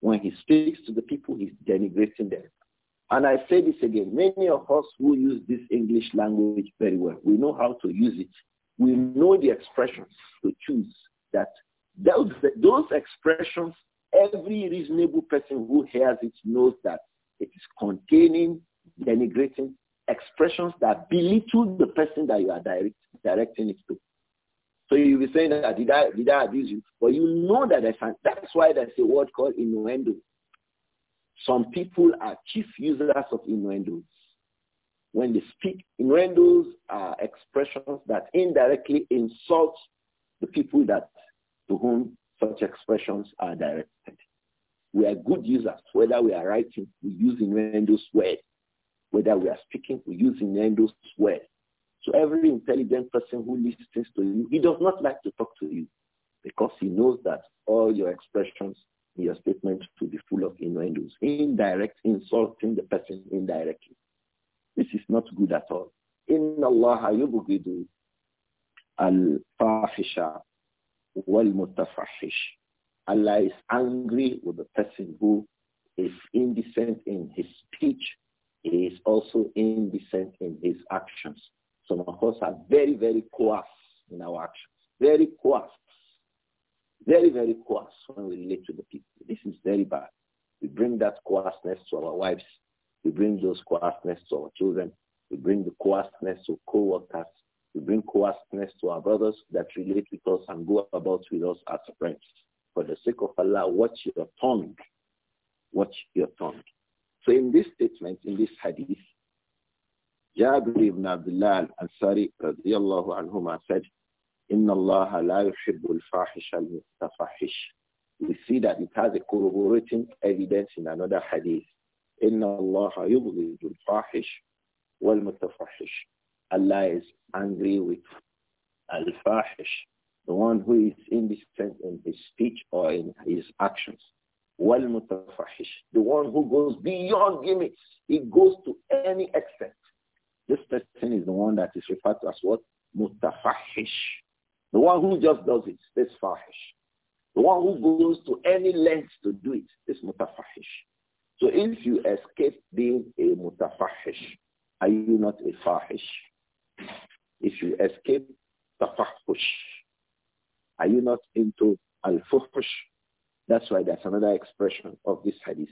When he speaks to the people, he's denigrating them. And I say this again, many of us who use this English language very well, we know how to use it. We know the expressions to choose that those, those expressions, every reasonable person who hears it knows that it is containing, denigrating, expressions that belittle the person that you are direct, directing it to. So you'll be saying that, did I, did I abuse you? But you know that there's an, that's why there's a word called innuendo. Some people are chief users of innuendos. When they speak, innuendos are expressions that indirectly insult the people that to whom such expressions are directed. We are good users, whether we are writing, we use innuendos words whether we are speaking, or using innuendos well. So every intelligent person who listens to you, he does not like to talk to you because he knows that all your expressions your statements will be full of innuendos, indirect, insulting the person indirectly. This is not good at all. إن al يبغض wal-mutafahish. Allah is angry with the person who is indecent in his speech he is also indecent in his actions. Some of us are very, very coarse in our actions. Very coarse. Very, very coarse when we relate to the people. This is very bad. We bring that coarseness to our wives. We bring those coarseness to our children. We bring the coarseness to co-workers. We bring coarseness to our brothers that relate with us and go about with us as friends. For the sake of Allah, watch your tongue. Watch your tongue. So in this statement, in this hadith, Jabir ibn Abdullah al-Ansari radiallahu anhuma said, Inna Allah la yuhibbul fahish al-mutafahish. We see that it has a corroborating evidence in another hadith. Inna Allah yubghidul fahish wal mutafahish. Allah is angry with al-fahish, the one who is indecent in his speech or in his actions wal mutafahish, the one who goes beyond limits. He goes to any extent. This person is the one that is referred to as what? Mutafahish. The one who just does it, this fahish. The one who goes to any length to do it—is mutafahish. So if you escape being a mutafahish, are you not a fahish? If you escape tafahush, are you not into al-fuhsh? That's why there's another expression of this hadith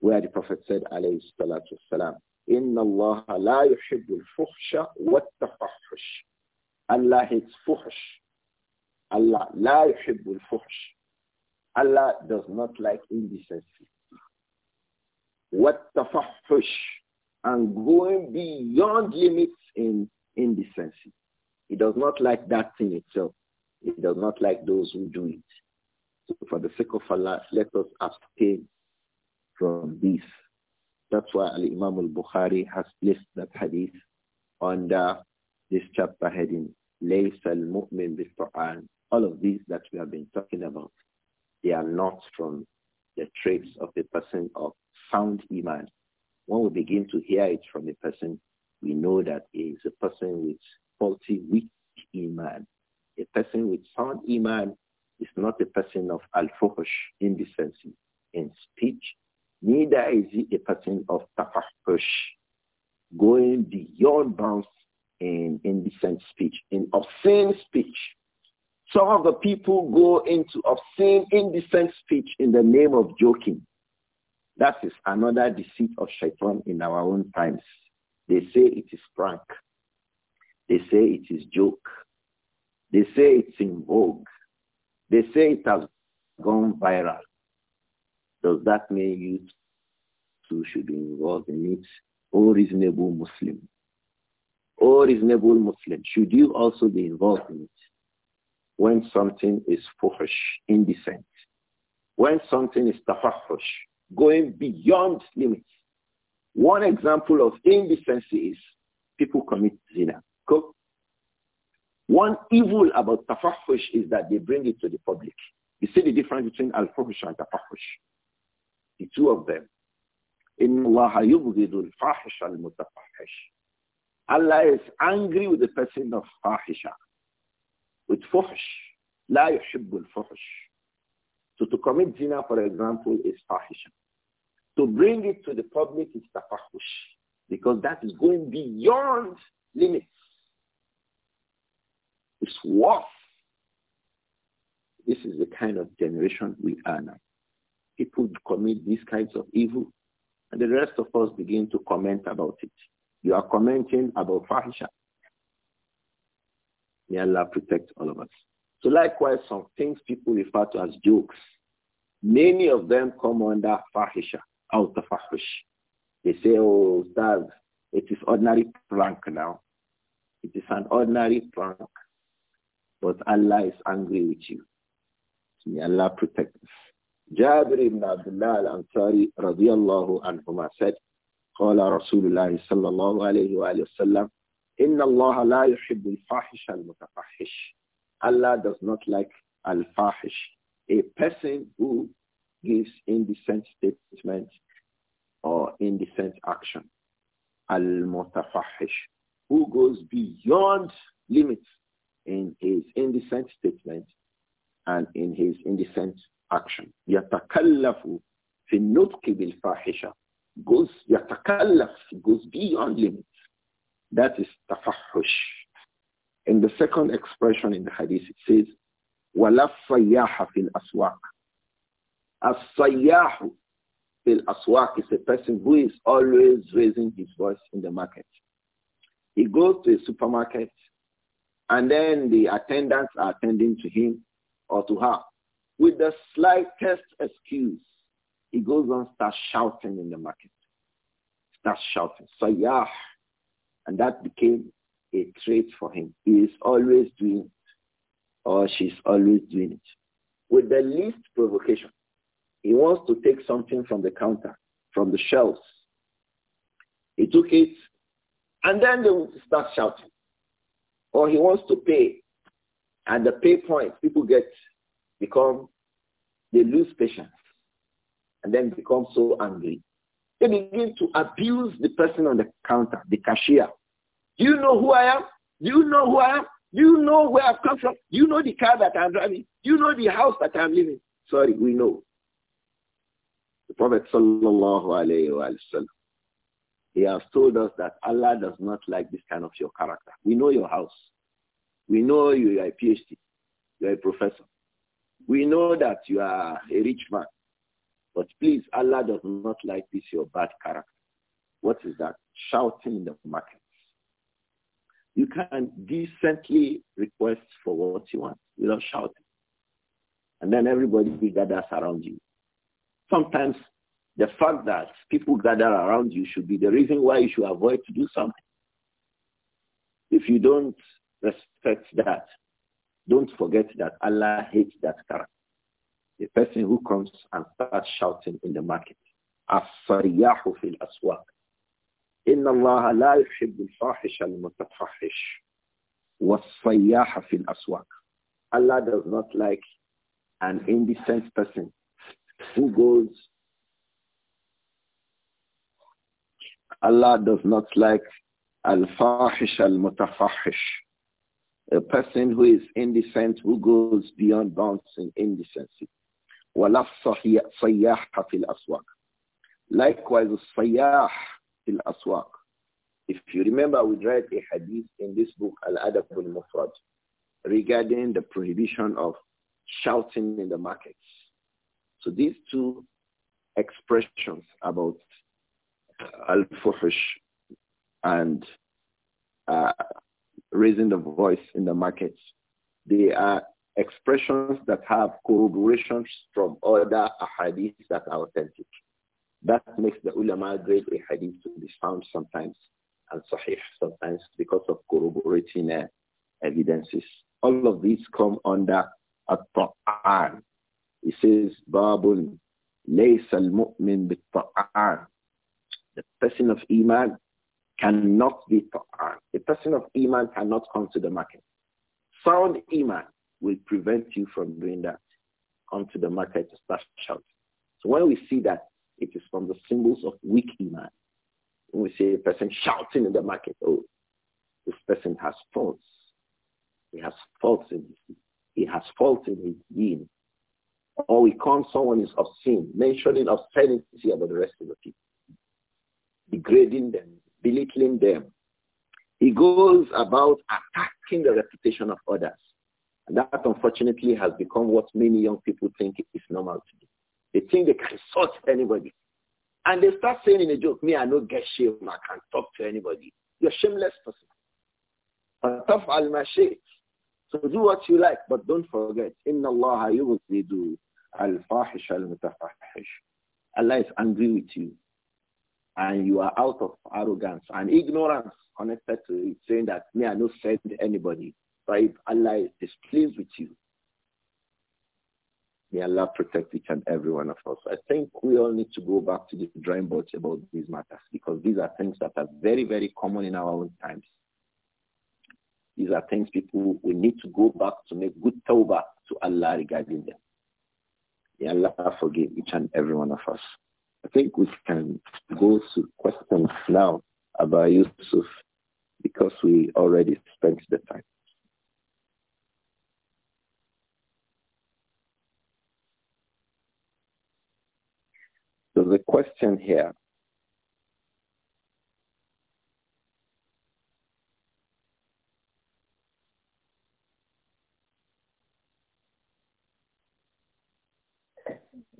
where the Prophet said, alayhi salatu wasalam, Allah la لَا يُحِبُّ wa ta'fahush. Allah hates fuhsh. Allah, la يحب الفحش. Allah does not like indecency. Wa tafahush and going beyond limits in indecency. He does not like that thing itself. He does not like those who do it. So for the sake of Allah, let us abstain from this. That's why Al Imam al Bukhari has placed that hadith under this chapter heading, Laysal al Mu'min bil Quran. All of these that we have been talking about, they are not from the traits of a person of sound Iman. When we begin to hear it from a person, we know that he is a person with faulty, weak Iman. A person with sound Iman is not a person of al-fuhush, indecency in speech. Neither is he a person of tafahush, going beyond bounds in indecent speech, in obscene speech. Some of the people go into obscene, indecent speech in the name of joking. That is another deceit of shaitan in our own times. They say it is prank. They say it is joke. They say it's in vogue. They say it has gone viral. Does that mean you too should be involved in it? Or reasonable Muslim? Or reasonable Muslim, should you also be involved in it? When something is fuhush, indecent. When something is tafahush, going beyond limits. One example of indecency is people commit zina. One evil about tafahush is that they bring it to the public. You see the difference between al-fuhush and tafahush. The two of them. Allah is angry with the person of fahisha, with fuhsh. لا يحب الفحش. So to commit zina, for example, is fahisha. To bring it to the public is tafahush because that is going beyond limits. It's worth. This is the kind of generation we are now. People commit these kinds of evil, and the rest of us begin to comment about it. You are commenting about fahisha. May Allah protect all of us. So likewise, some things people refer to as jokes. Many of them come under fahisha, out of fahish. They say, oh, Ustaz, it is ordinary prank now. It is an ordinary prank. But Allah is angry with you. May Allah protect us. Jabir ibn Abdullah al-Ansari radiallahu anhuma said, قال رسول الله صلى الله عليه وآله وسلم إن الله لا يحب الفاحش المتفحش Allah does not like al-fahish, a person who gives indecent statements or indecent action. Al-mutafahish, who goes beyond limits in his indecent statement and in his indecent action. يَتَكَلَّفُ فِي النُّطْقِ بِالْفَاحِشَةِ goes yatakallaf, goes beyond limits. That is tafahush. In the second expression in the hadith, it says, وَلَفَّيَّاحَ fil aswaq. As-sayyahu fil aswak is a person who is always raising his voice in the market. He goes to a supermarket and then the attendants are attending to him or to her. With the slightest excuse, he goes on, starts shouting in the market. Starts shouting. So yeah. And that became a trait for him. He is always doing it. Or she's always doing it. With the least provocation. He wants to take something from the counter, from the shelves. He took it, and then they would start shouting or he wants to pay. And the pay point, people get, become, they lose patience and then become so angry. They begin to abuse the person on the counter, the cashier. Do you know who I am? Do you know who I am? Do you know where I've come from? Do you know the car that I'm driving? Do you know the house that I'm living? Sorry, we know. The Prophet sallallahu alayhi wa sallam he has told us that Allah does not like this kind of your character. We know your house. We know you are a PhD. You are a professor. We know that you are a rich man. But please, Allah does not like this your bad character. What is that? Shouting in the markets. you can decently request for what you want without shouting. And then everybody gathers around you. Sometimes the fact that people gather around you should be the reason why you should avoid to do something. If you don't respect that, don't forget that Allah hates that character. The person who comes and starts shouting in the market. الصرياح في الأسواق إن الله لا يحب الفاحش المتفحش والصياح في الأسواق Allah does not like an indecent person who goes Allah does not like al-fahish al-mutafahish. A person who is indecent, who goes beyond bounds in indecency. وَلَا الصَّيَّاحَ فِي الْأَسْوَاقِ Likewise, الصَّيَّاح فِي الْأَسْوَاقِ If you remember, we read a hadith in this book, Al-Adab al-Mufrad, regarding the prohibition of shouting in the markets. So these two expressions about al-fuhsh and uh, raising the voice in the markets. They are expressions that have corroborations from other ahadith that are authentic. That makes the ulama grade a hadith to be found sometimes and sahih sometimes because of corroborating uh, evidences. All of these come under a Quran. It says, Babun, ليس المؤمن بالطعان the person of Iman cannot be Ta'an. The person of Iman cannot come to the market. Sound Iman will prevent you from doing that. Come to the market to start shouting. So when we see that, it is from the symbols of weak Iman. When we see a person shouting in the market, oh, this person has faults. He has faults in his, he has faults in his being. Or we call someone is obscene, mentioning obscenity about the rest of the people degrading them, belittling them. He goes about attacking the reputation of others. And that unfortunately has become what many young people think is normal to do. They think they can insult anybody. And they start saying in a joke, me, I no get shame. I can't talk to anybody. You're a shameless person. Tough al So do what you like, but don't forget, Inna Allah yubzidu al-fahish al-mutafahish. Allah is angry with you and you are out of arrogance and ignorance connected to it, saying that me, I no send anybody. if Allah is pleased with you. May Allah protect each and every one of us. I think we all need to go back to the drawing board about these matters because these are things that are very, very common in our own times. These are things people we need to go back to make good tawbah to Allah regarding them. May Allah forgive each and every one of us. I think we can go to questions now about Yusuf because we already spent the time. So the question here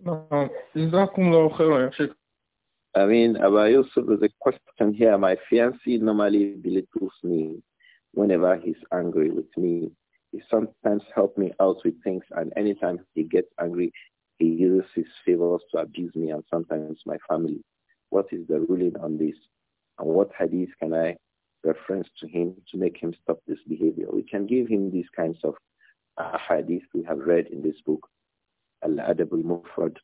I mean, Abba Yusuf, there's a question here. My fiancé normally belittles me whenever he's angry with me. He sometimes helps me out with things, and anytime he gets angry, he uses his favors to abuse me and sometimes my family. What is the ruling on this? And what hadith can I reference to him to make him stop this behavior? We can give him these kinds of uh, hadith we have read in this book Al-Adab al-Mufrad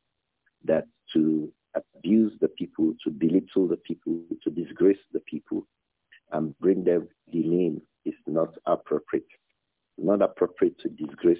that to abuse the people, to belittle the people, to disgrace the people, and bring them the name is not appropriate. Not appropriate to disgrace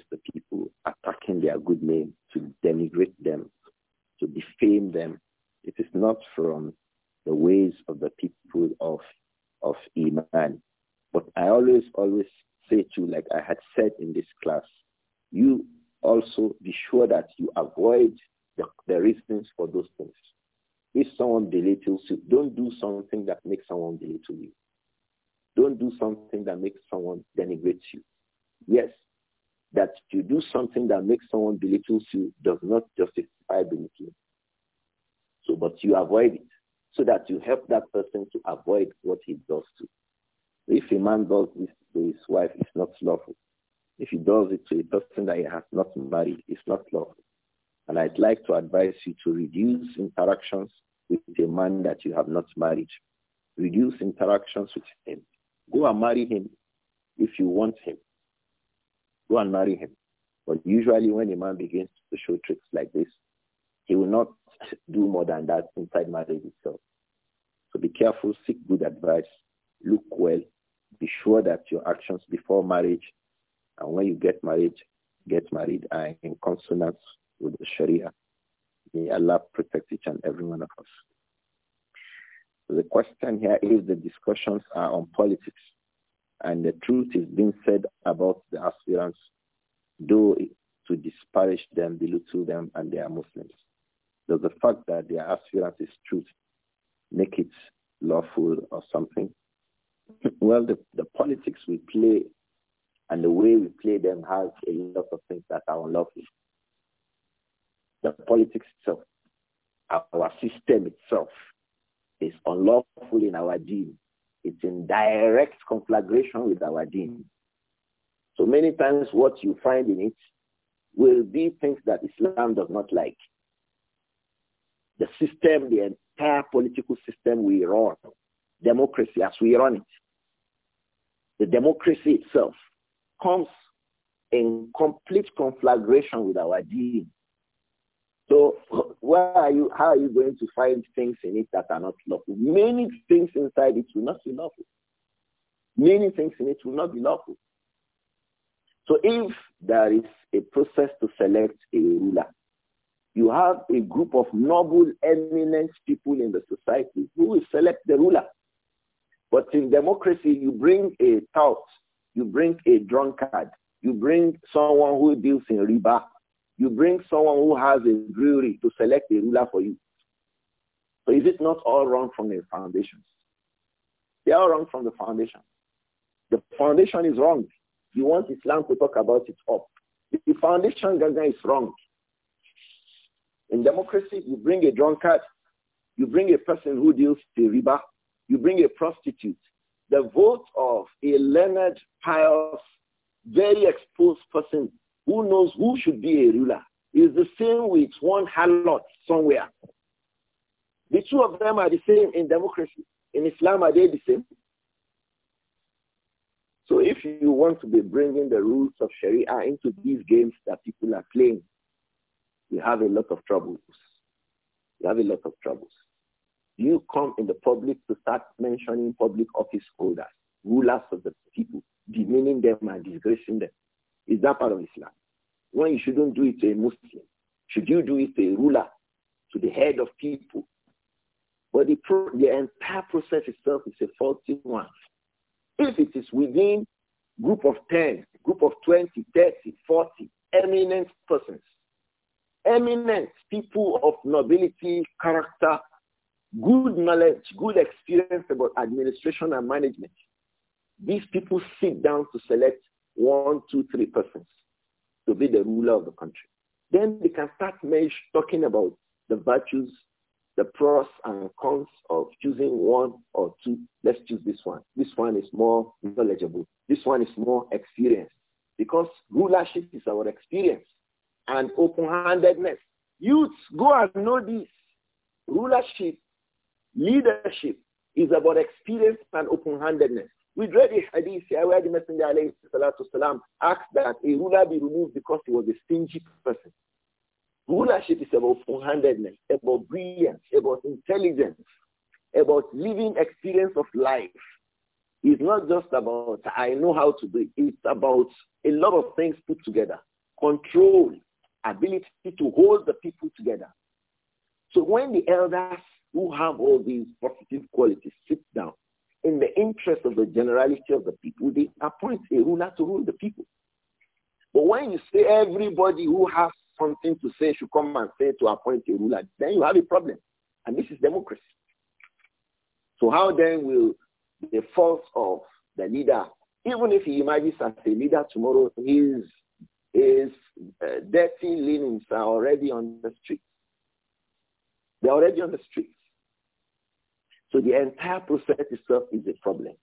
marry him if you want him. Go and marry him. But usually when a man begins to show tricks like this, he will not do more than that inside marriage itself. So be careful, seek good advice, look well, be sure that your actions before marriage and when you get married, get married and what you find in it will be things that Islam does not like. The system, the entire political system we run, democracy as we run it, the democracy itself comes in complete conflagration with our deen. So where are you, how are you going to find things in it that are not lawful? Many things inside it will not be lawful. Many things in it will not be lawful. So if there is a process to select a ruler, you have a group of noble, eminent people in the society who will select the ruler. But in democracy, you bring a tout, you bring a drunkard, you bring someone who deals in riba, you bring someone who has a brewery to select a ruler for you. So is it not all wrong from the foundations? They are wrong from the foundation. The foundation is wrong. You want Islam to talk about it up. The foundation Gaza is wrong. In democracy, you bring a drunkard, you bring a person who deals the riba, you bring a prostitute. The vote of a learned, pious, very exposed person who knows who should be a ruler is the same with one harlot somewhere. The two of them are the same in democracy. In Islam, are they the same? So if you want to be bringing the rules of Sharia into these games that people are playing, you have a lot of troubles. You have a lot of troubles. You come in the public to start mentioning public office holders, rulers of the people, demeaning them and disgracing them. Is that part of Islam? Why you shouldn't do it to a Muslim, should you do it to a ruler, to the head of people? But the, the entire process itself is a faulty one. If it is within group of 10, group of 20, 30, 40, eminent persons, eminent people of nobility, character, good knowledge, good experience about administration and management. These people sit down to select one, two, three persons to be the ruler of the country. Then they can start talking about the virtues the pros and cons of choosing one or two. Let's choose this one. This one is more knowledgeable. This one is more experienced. Because rulership is our experience and open-handedness. Youths, go and know this. Rulership, leadership is about experience and open-handedness. We read a hadith here where the Messenger alayhi salatu salam asked that a ruler be removed because he was a stingy person. Rulership is about full-handedness, about brilliance, about intelligence, about living experience of life. It's not just about, I know how to do it. It's about a lot of things put together. Control, ability to hold the people together. So when the elders who have all these positive qualities sit down, in the interest of the generality of the people, they appoint a ruler to rule the people. But when you say everybody who has something to say should come and say to appoint a ruler, then you have a problem. And this is democracy. So how then will the force of the leader, even if he emerges as a leader tomorrow, his, his uh, dirty leanings are already on the streets. They're already on the streets. So the entire process itself is a problem.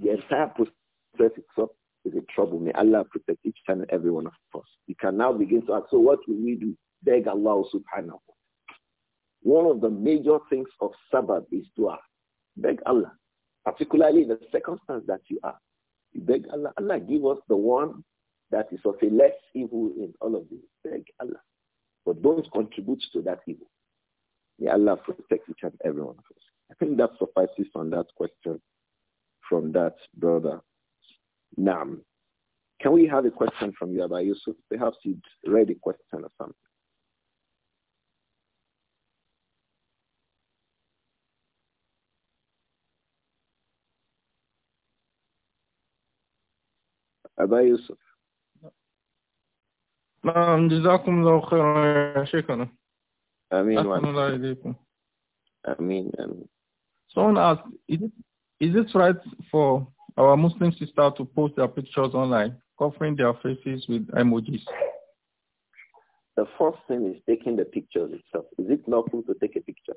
The entire process itself is a trouble. May Allah protect each and every one of us. We can now begin to ask, so what will we do? Beg Allah subhanahu. One of the major things of sabbath is dua. Beg Allah, particularly in the circumstance that you are. You beg Allah, Allah give us the one that is of a less evil in all of this. Beg Allah. But don't contribute to that evil. May Allah protect each and every one of us. I think that suffices on that question from that brother. Naam. Can we have a question from you, Abba Yusuf? Perhaps you read a question or something. Abba Yusuf. نعم جزاكم الله خيرا يا شيخنا امين احسن someone asked is it, is it right for our Muslim sister to post their pictures online, covering their faces with emojis. The first thing is taking the pictures itself. Is it lawful to take a picture?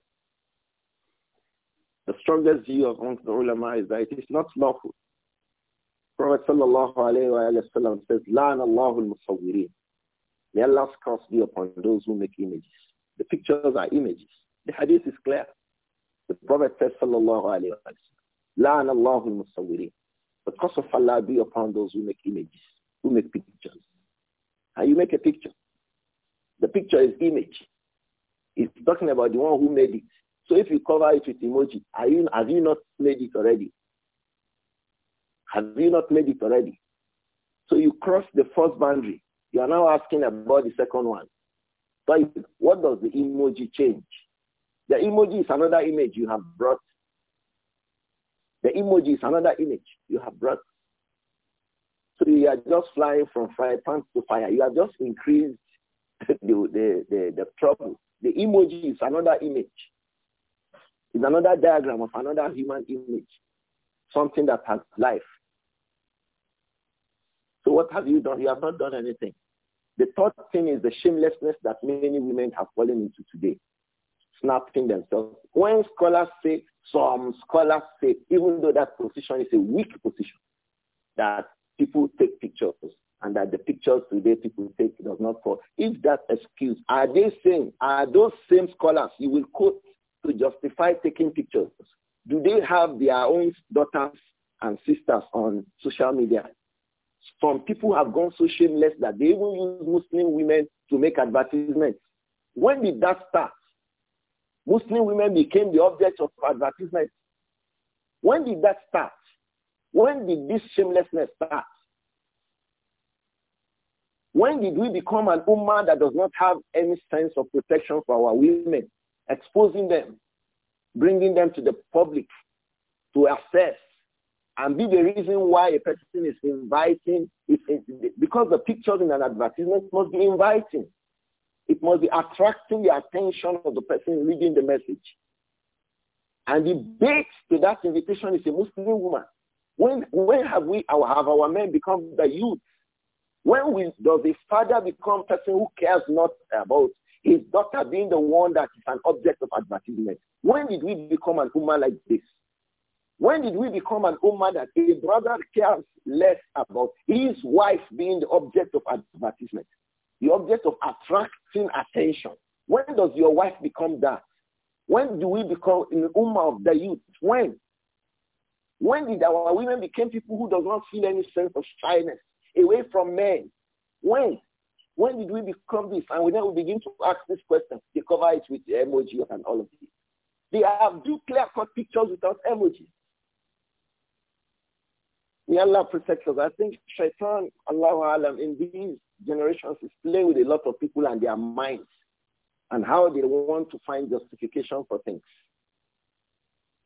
The strongest view of the ulama is that it is not lawful. Prophet sallallahu alayhi wa sallam says, La'an Allahul musawwirin. May Allah's curse be upon those who make images. The pictures are images. The hadith is clear. The Prophet says, sallallahu alayhi wa sallam, La'an Allahul musawwirin. The curse of Allah be upon those who make images, who make pictures. And you make a picture. The picture is image. It's talking about the one who made it. So if you cover it with emoji, are you, have you not made it already? Have you not made it already? So you cross the first boundary. You are now asking about the second one. But what does the emoji change? The emoji is another image you have brought the emoji is another image you have brought. So you are just flying from fire pan to fire. You have just increased the, the, the, the trouble. The emoji is another image. It's another diagram of another human image, something that has life. So what have you done? You have not done anything. The third thing is the shamelessness that many women have fallen into today, snapping themselves. When scholars say some scholars say, even though that position is a weak position, that people take pictures and that the pictures today people take does not fall. If that excuse, are they saying, are those same scholars you will quote to justify taking pictures? Do they have their own daughters and sisters on social media? Some people have gone so shameless that they even use Muslim women to make advertisements. When did that start? Muslim women became the object of advertisement. When did that start? When did this shamelessness start? When did we become an ummah that does not have any sense of protection for our women, exposing them, bringing them to the public to assess and be the reason why a person is inviting, because the pictures in an advertisement must be inviting. It must be attracting the attention of the person reading the message. And the bait to that invitation is a Muslim woman. When, when have we our, have our men become the youth? When does a father become a person who cares not about his daughter being the one that is an object of advertisement? When did we become an woman like this? When did we become an woman that a brother cares less about his wife being the object of advertisement? the object of attracting attention. When does your wife become that? When do we become in the ummah of the youth? When? When did our women become people who does not feel any sense of shyness away from men? When? When did we become this? And then we begin to ask this question. They cover it with emoji and all of this. They have do clear-cut pictures without emojis. May Allah protect us. I think shaitan, Allah, in these generations is playing with a lot of people and their minds and how they want to find justification for things.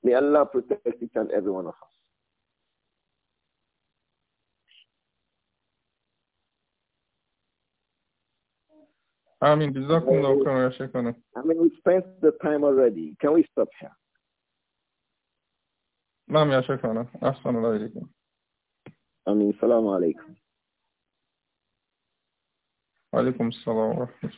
May Allah protect each and every one of us. I mean, I mean, we spent the time already. Can we stop here? نعم يا شيخنا أحسن Wa alaikum salam wa rahmatullah.